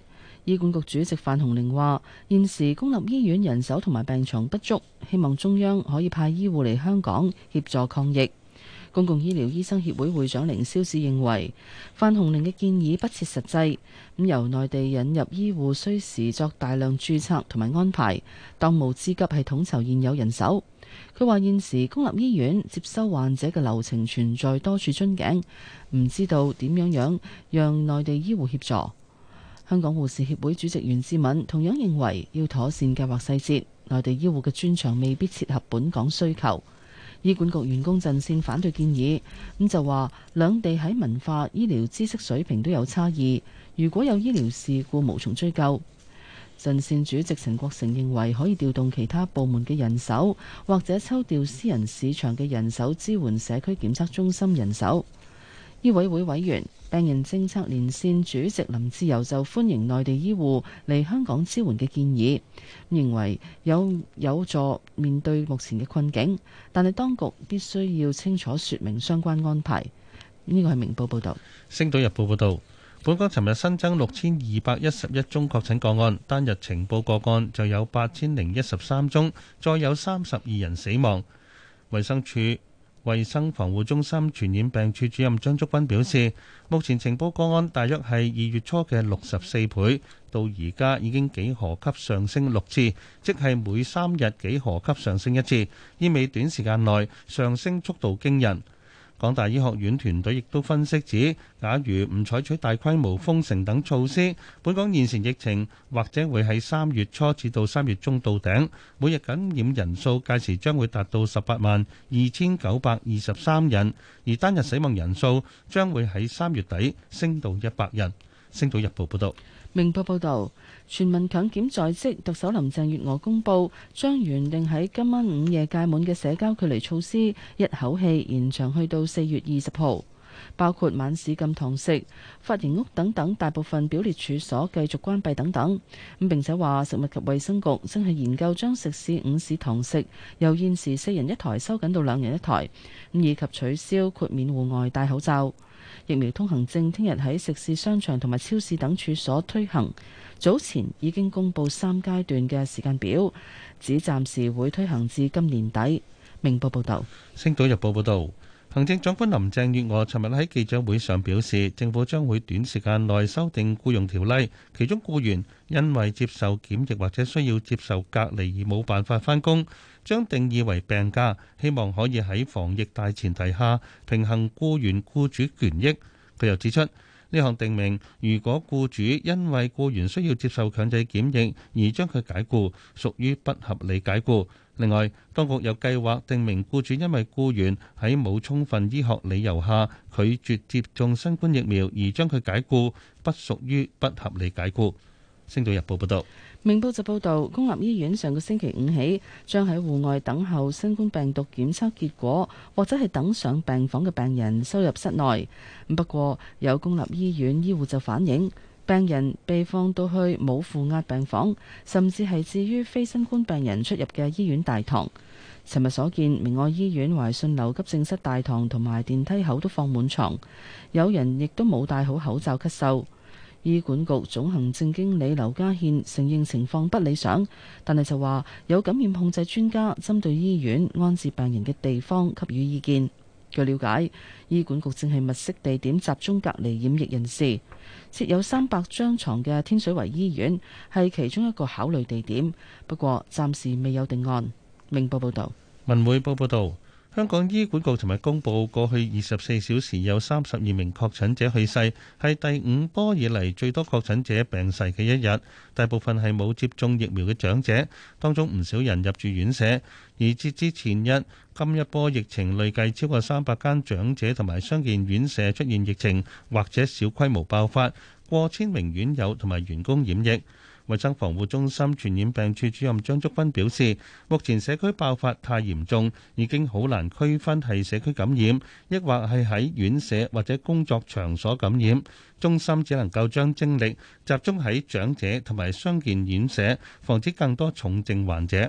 醫管局主席范鴻齡話：現時公立醫院人手同埋病床不足，希望中央可以派醫護嚟香港協助抗疫。公共醫療醫生協會會長凌霄志認為范鴻齡嘅建議不切實際，咁由內地引入醫護需時作大量注冊同埋安排，當務之急係統籌現有人手。佢話現時公立醫院接收患者嘅流程存在多處樽頸，唔知道點樣樣讓內地醫護協助。香港護士協會主席袁志敏同樣認為要妥善計劃細節，內地醫護嘅專長未必切合本港需求。醫管局員工陣線反對建議，咁就話兩地喺文化、醫療知識水平都有差異，如果有醫療事故，無從追究。陣線主席陳國成認為可以調動其他部門嘅人手，或者抽調私人市場嘅人手支援社區檢測中心人手。醫委會委員、病人政策連線主席林志柔就歡迎內地醫護嚟香港支援嘅建議，認為有有助面對目前嘅困境，但係當局必須要清楚説明相關安排。呢個係明報報導，《星島日報》報導，本港尋日新增六千二百一十一宗確診個案，單日呈報個案就有八千零一十三宗，再有三十二人死亡。衛生署。衛生防護中心傳染病處主任張竹君表示，目前情報個案大約係二月初嘅六十四倍，到而家已經幾何級上升六次，即係每三日幾何級上升一次，意味短時間內上升速度驚人。港大醫學院團隊亦都分析指，假如唔採取大規模封城等措施，本港現時疫情或者會喺三月初至到三月中到頂，每日感染人數屆時將會達到十八萬二千九百二十三人，而單日死亡人數將會喺三月底升到一百人。星島日報報道。明報報導，全民強檢在即，特首林鄭月娥公布將原定喺今晚午夜屆滿嘅社交距離措施一口氣延長去到四月二十號，包括晚市禁堂食、髮型屋等等，大部分表列處所繼續關閉等等。咁並且話食物及衛生局正喺研究將食肆午市堂食由現時四人一台收緊到兩人一台，咁以及取消豁免戶外戴口罩。疫苗通行證聽日喺食肆、商場同埋超市等處所推行，早前已經公布三階段嘅時間表，指暫時會推行至今年底。明報報道，《星島日報》報道，行政長官林鄭月娥尋日喺記者會上表示，政府將會短時間內修訂僱傭條例，其中僱員因為接受檢疫或者需要接受隔離而冇辦法返工。將定義為病假，希望可以喺防疫大前提下平衡雇員、雇主權益。佢又指出，呢項定明，如果雇主因為雇員需要接受強制檢疫而將佢解雇，屬於不合理解雇。另外，當局有計劃定明雇主因為雇員喺冇充分醫學理由下拒絕接種新冠疫苗而將佢解雇，不屬於不合理解雇。星島日報報道。明報就報道，公立醫院上個星期五起將喺戶外等候新冠病毒檢測結果，或者係等上病房嘅病人收入室內。不過有公立醫院醫護就反映，病人被放到去冇負壓病房，甚至係置於非新冠病人出入嘅醫院大堂。尋日所見，明愛醫院懷信樓急症室大堂同埋電梯口都放滿床，有人亦都冇戴好口罩咳嗽。醫管局總行政經理劉家憲承認情況不理想，但係就話有感染控制專家針對醫院安置病人嘅地方給予意見。據了解，醫管局正係物色地點集中隔離檢疫人士，設有三百張床嘅天水圍醫院係其中一個考慮地點，不過暫時未有定案。明報報道，文匯報報道。香港醫管局尋日公布，過去二十四小時有三十二名確診者去世，係第五波以嚟最多確診者病逝嘅一日。大部分係冇接種疫苗嘅長者，當中唔少人入住院舍。而截至前日，今一波疫情累計超過三百間長者同埋相建院舍出現疫情或者小規模爆發，過千名院友同埋員工染疫。衛生防護中心傳染病處主任張竹君表示，目前社區爆發太嚴重，已經好難區分係社區感染，抑或係喺院舍或者工作場所感染。中心只能夠將精力集中喺長者同埋相健院舍，防止更多重症患者。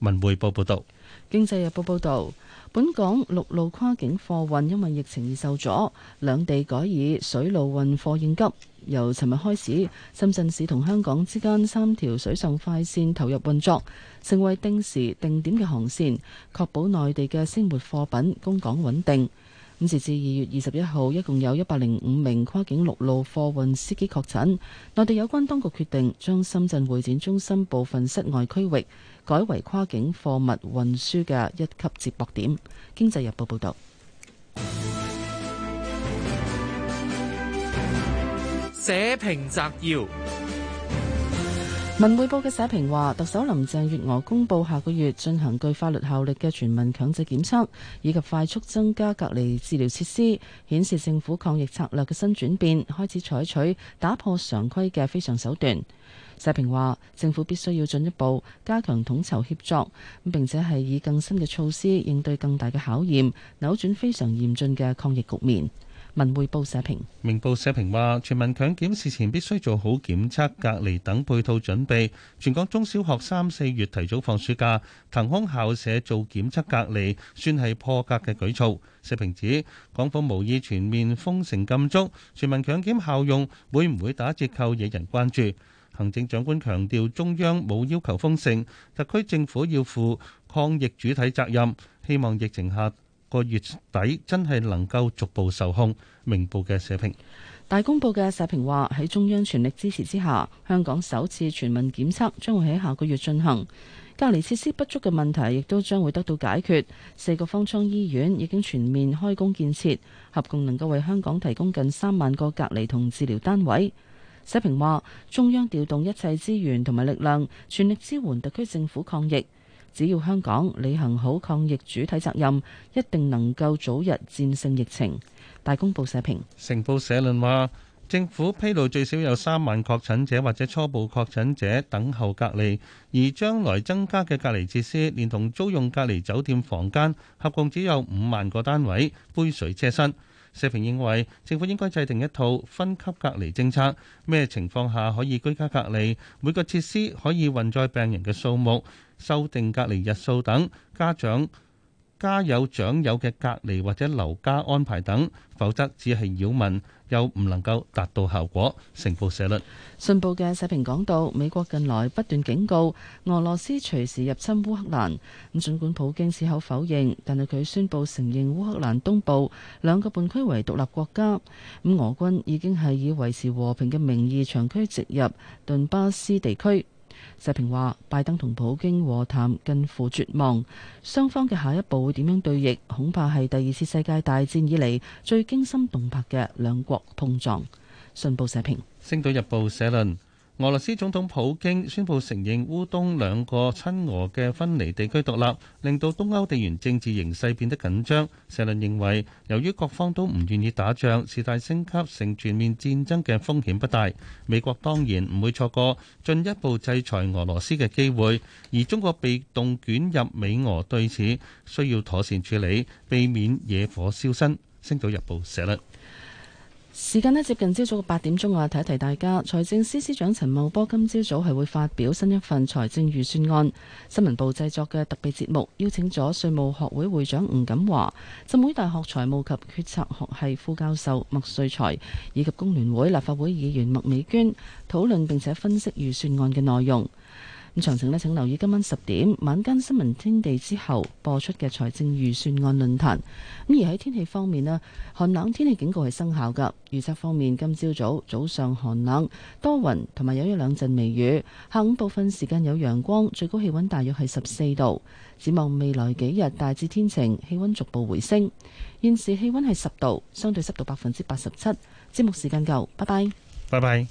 文匯報報道，經濟日報報道。本港陸路跨境貨運因為疫情而受阻，兩地改以水路運貨應急。由尋日開始，深圳市同香港之間三條水上快綫投入運作，成為定時定點嘅航綫，確保內地嘅鮮活貨品供港穩定。咁截至二月二十一號一共有一百零五名跨境陸路貨運司機確診，內地有關當局決定將深圳會展中心部分室外區域改為跨境貨物運輸嘅一級接駁點。經濟日報報道。社評摘要：文匯報嘅社評話，特首林鄭月娥公佈下個月進行具法律效力嘅全民強制檢測，以及快速增加隔離治療設施，顯示政府抗疫策略嘅新轉變，開始採取打破常規嘅非常手段。社評話，政府必須要進一步加強統籌協作，並且係以更新嘅措施應對更大嘅考驗，扭轉非常嚴峻嘅抗疫局面。文匯報社評。明報社評話，全民強檢事前必須做好檢測、隔離等配套準備。全港中小學三四月提早放暑假，騰空校舍做檢測隔離，算係破格嘅舉措。社評指，港府無意全面封城禁足，全民強檢效用會唔會打折扣，惹人關注。行政長官強調，中央冇要求封城，特區政府要負抗疫主體責任。希望疫情下個月底真係能夠逐步受控。明報嘅社評，大公報嘅社評話，喺中央全力支持之下，香港首次全民檢測將會喺下個月進行。隔離設施不足嘅問題亦都將會得到解決。四個方艙醫院已經全面開工建設，合共能夠為香港提供近三萬個隔離同治療單位。社評話：中央調動一切資源同埋力量，全力支援特區政府抗疫。只要香港履行好抗疫主體責任，一定能夠早日戰勝疫情。大公報社評，成報社論話：政府披露最少有三萬確診者或者初步確診者等候隔離，而將來增加嘅隔離設施，連同租用隔離酒店房間，合共只有五萬個單位，杯水車薪。社評認為，政府應該制定一套分級隔離政策，咩情況下可以居家隔離，每個設施可以運載病人嘅數目、修訂隔離日數等，家長、家有長幼嘅隔離或者留家安排等，否則只係擾民。又唔能夠達到效果，承報社論。信報嘅社評講到，美國近來不斷警告俄羅斯隨時入侵烏克蘭。咁，儘管普京矢口否認，但係佢宣佈承認烏克蘭東部兩個半區為獨立國家。咁俄軍已經係以維持和平嘅名義長驅直入頓巴斯地區。社評話：拜登同普京和談近乎絕望，雙方嘅下一步會點樣對弈？恐怕係第二次世界大戰以嚟最驚心動魄嘅兩國碰撞。信報社評，《星島日報》社論。俄羅斯總統普京宣布承認烏東兩個親俄嘅分離地區獨立，令到東歐地緣政治形勢變得緊張。社論認為，由於各方都唔願意打仗，事態升級成全面戰爭嘅風險不大。美國當然唔會錯過進一步制裁俄羅斯嘅機會，而中國被動捲入美俄對峙，需要妥善處理，避免惹火燒身。星島日報社論。時間呢，接近朝早八點鐘啊，提一提大家，財政司司長陳茂波今朝早係會發表新一份財政預算案。新聞部製作嘅特別節目，邀請咗稅務學會會長吳錦華、浸會大學財務及決策學系副教授麥瑞才以及工聯會立法會議員麥美娟，討論並且分析預算案嘅內容。咁詳情呢，請留意今晚十點晚間新聞天地之後播出嘅財政預算案論壇。咁而喺天氣方面呢，寒冷天氣警告係生效嘅。預測方面，今朝早早，早上寒冷多雲，同埋有，有一兩陣微雨。下午部分時間有陽光，最高氣温大約係十四度。展望未來幾日大致天晴，氣温逐步回升。現時氣温係十度，相對濕度百分之八十七。節目時間夠，拜拜。拜拜。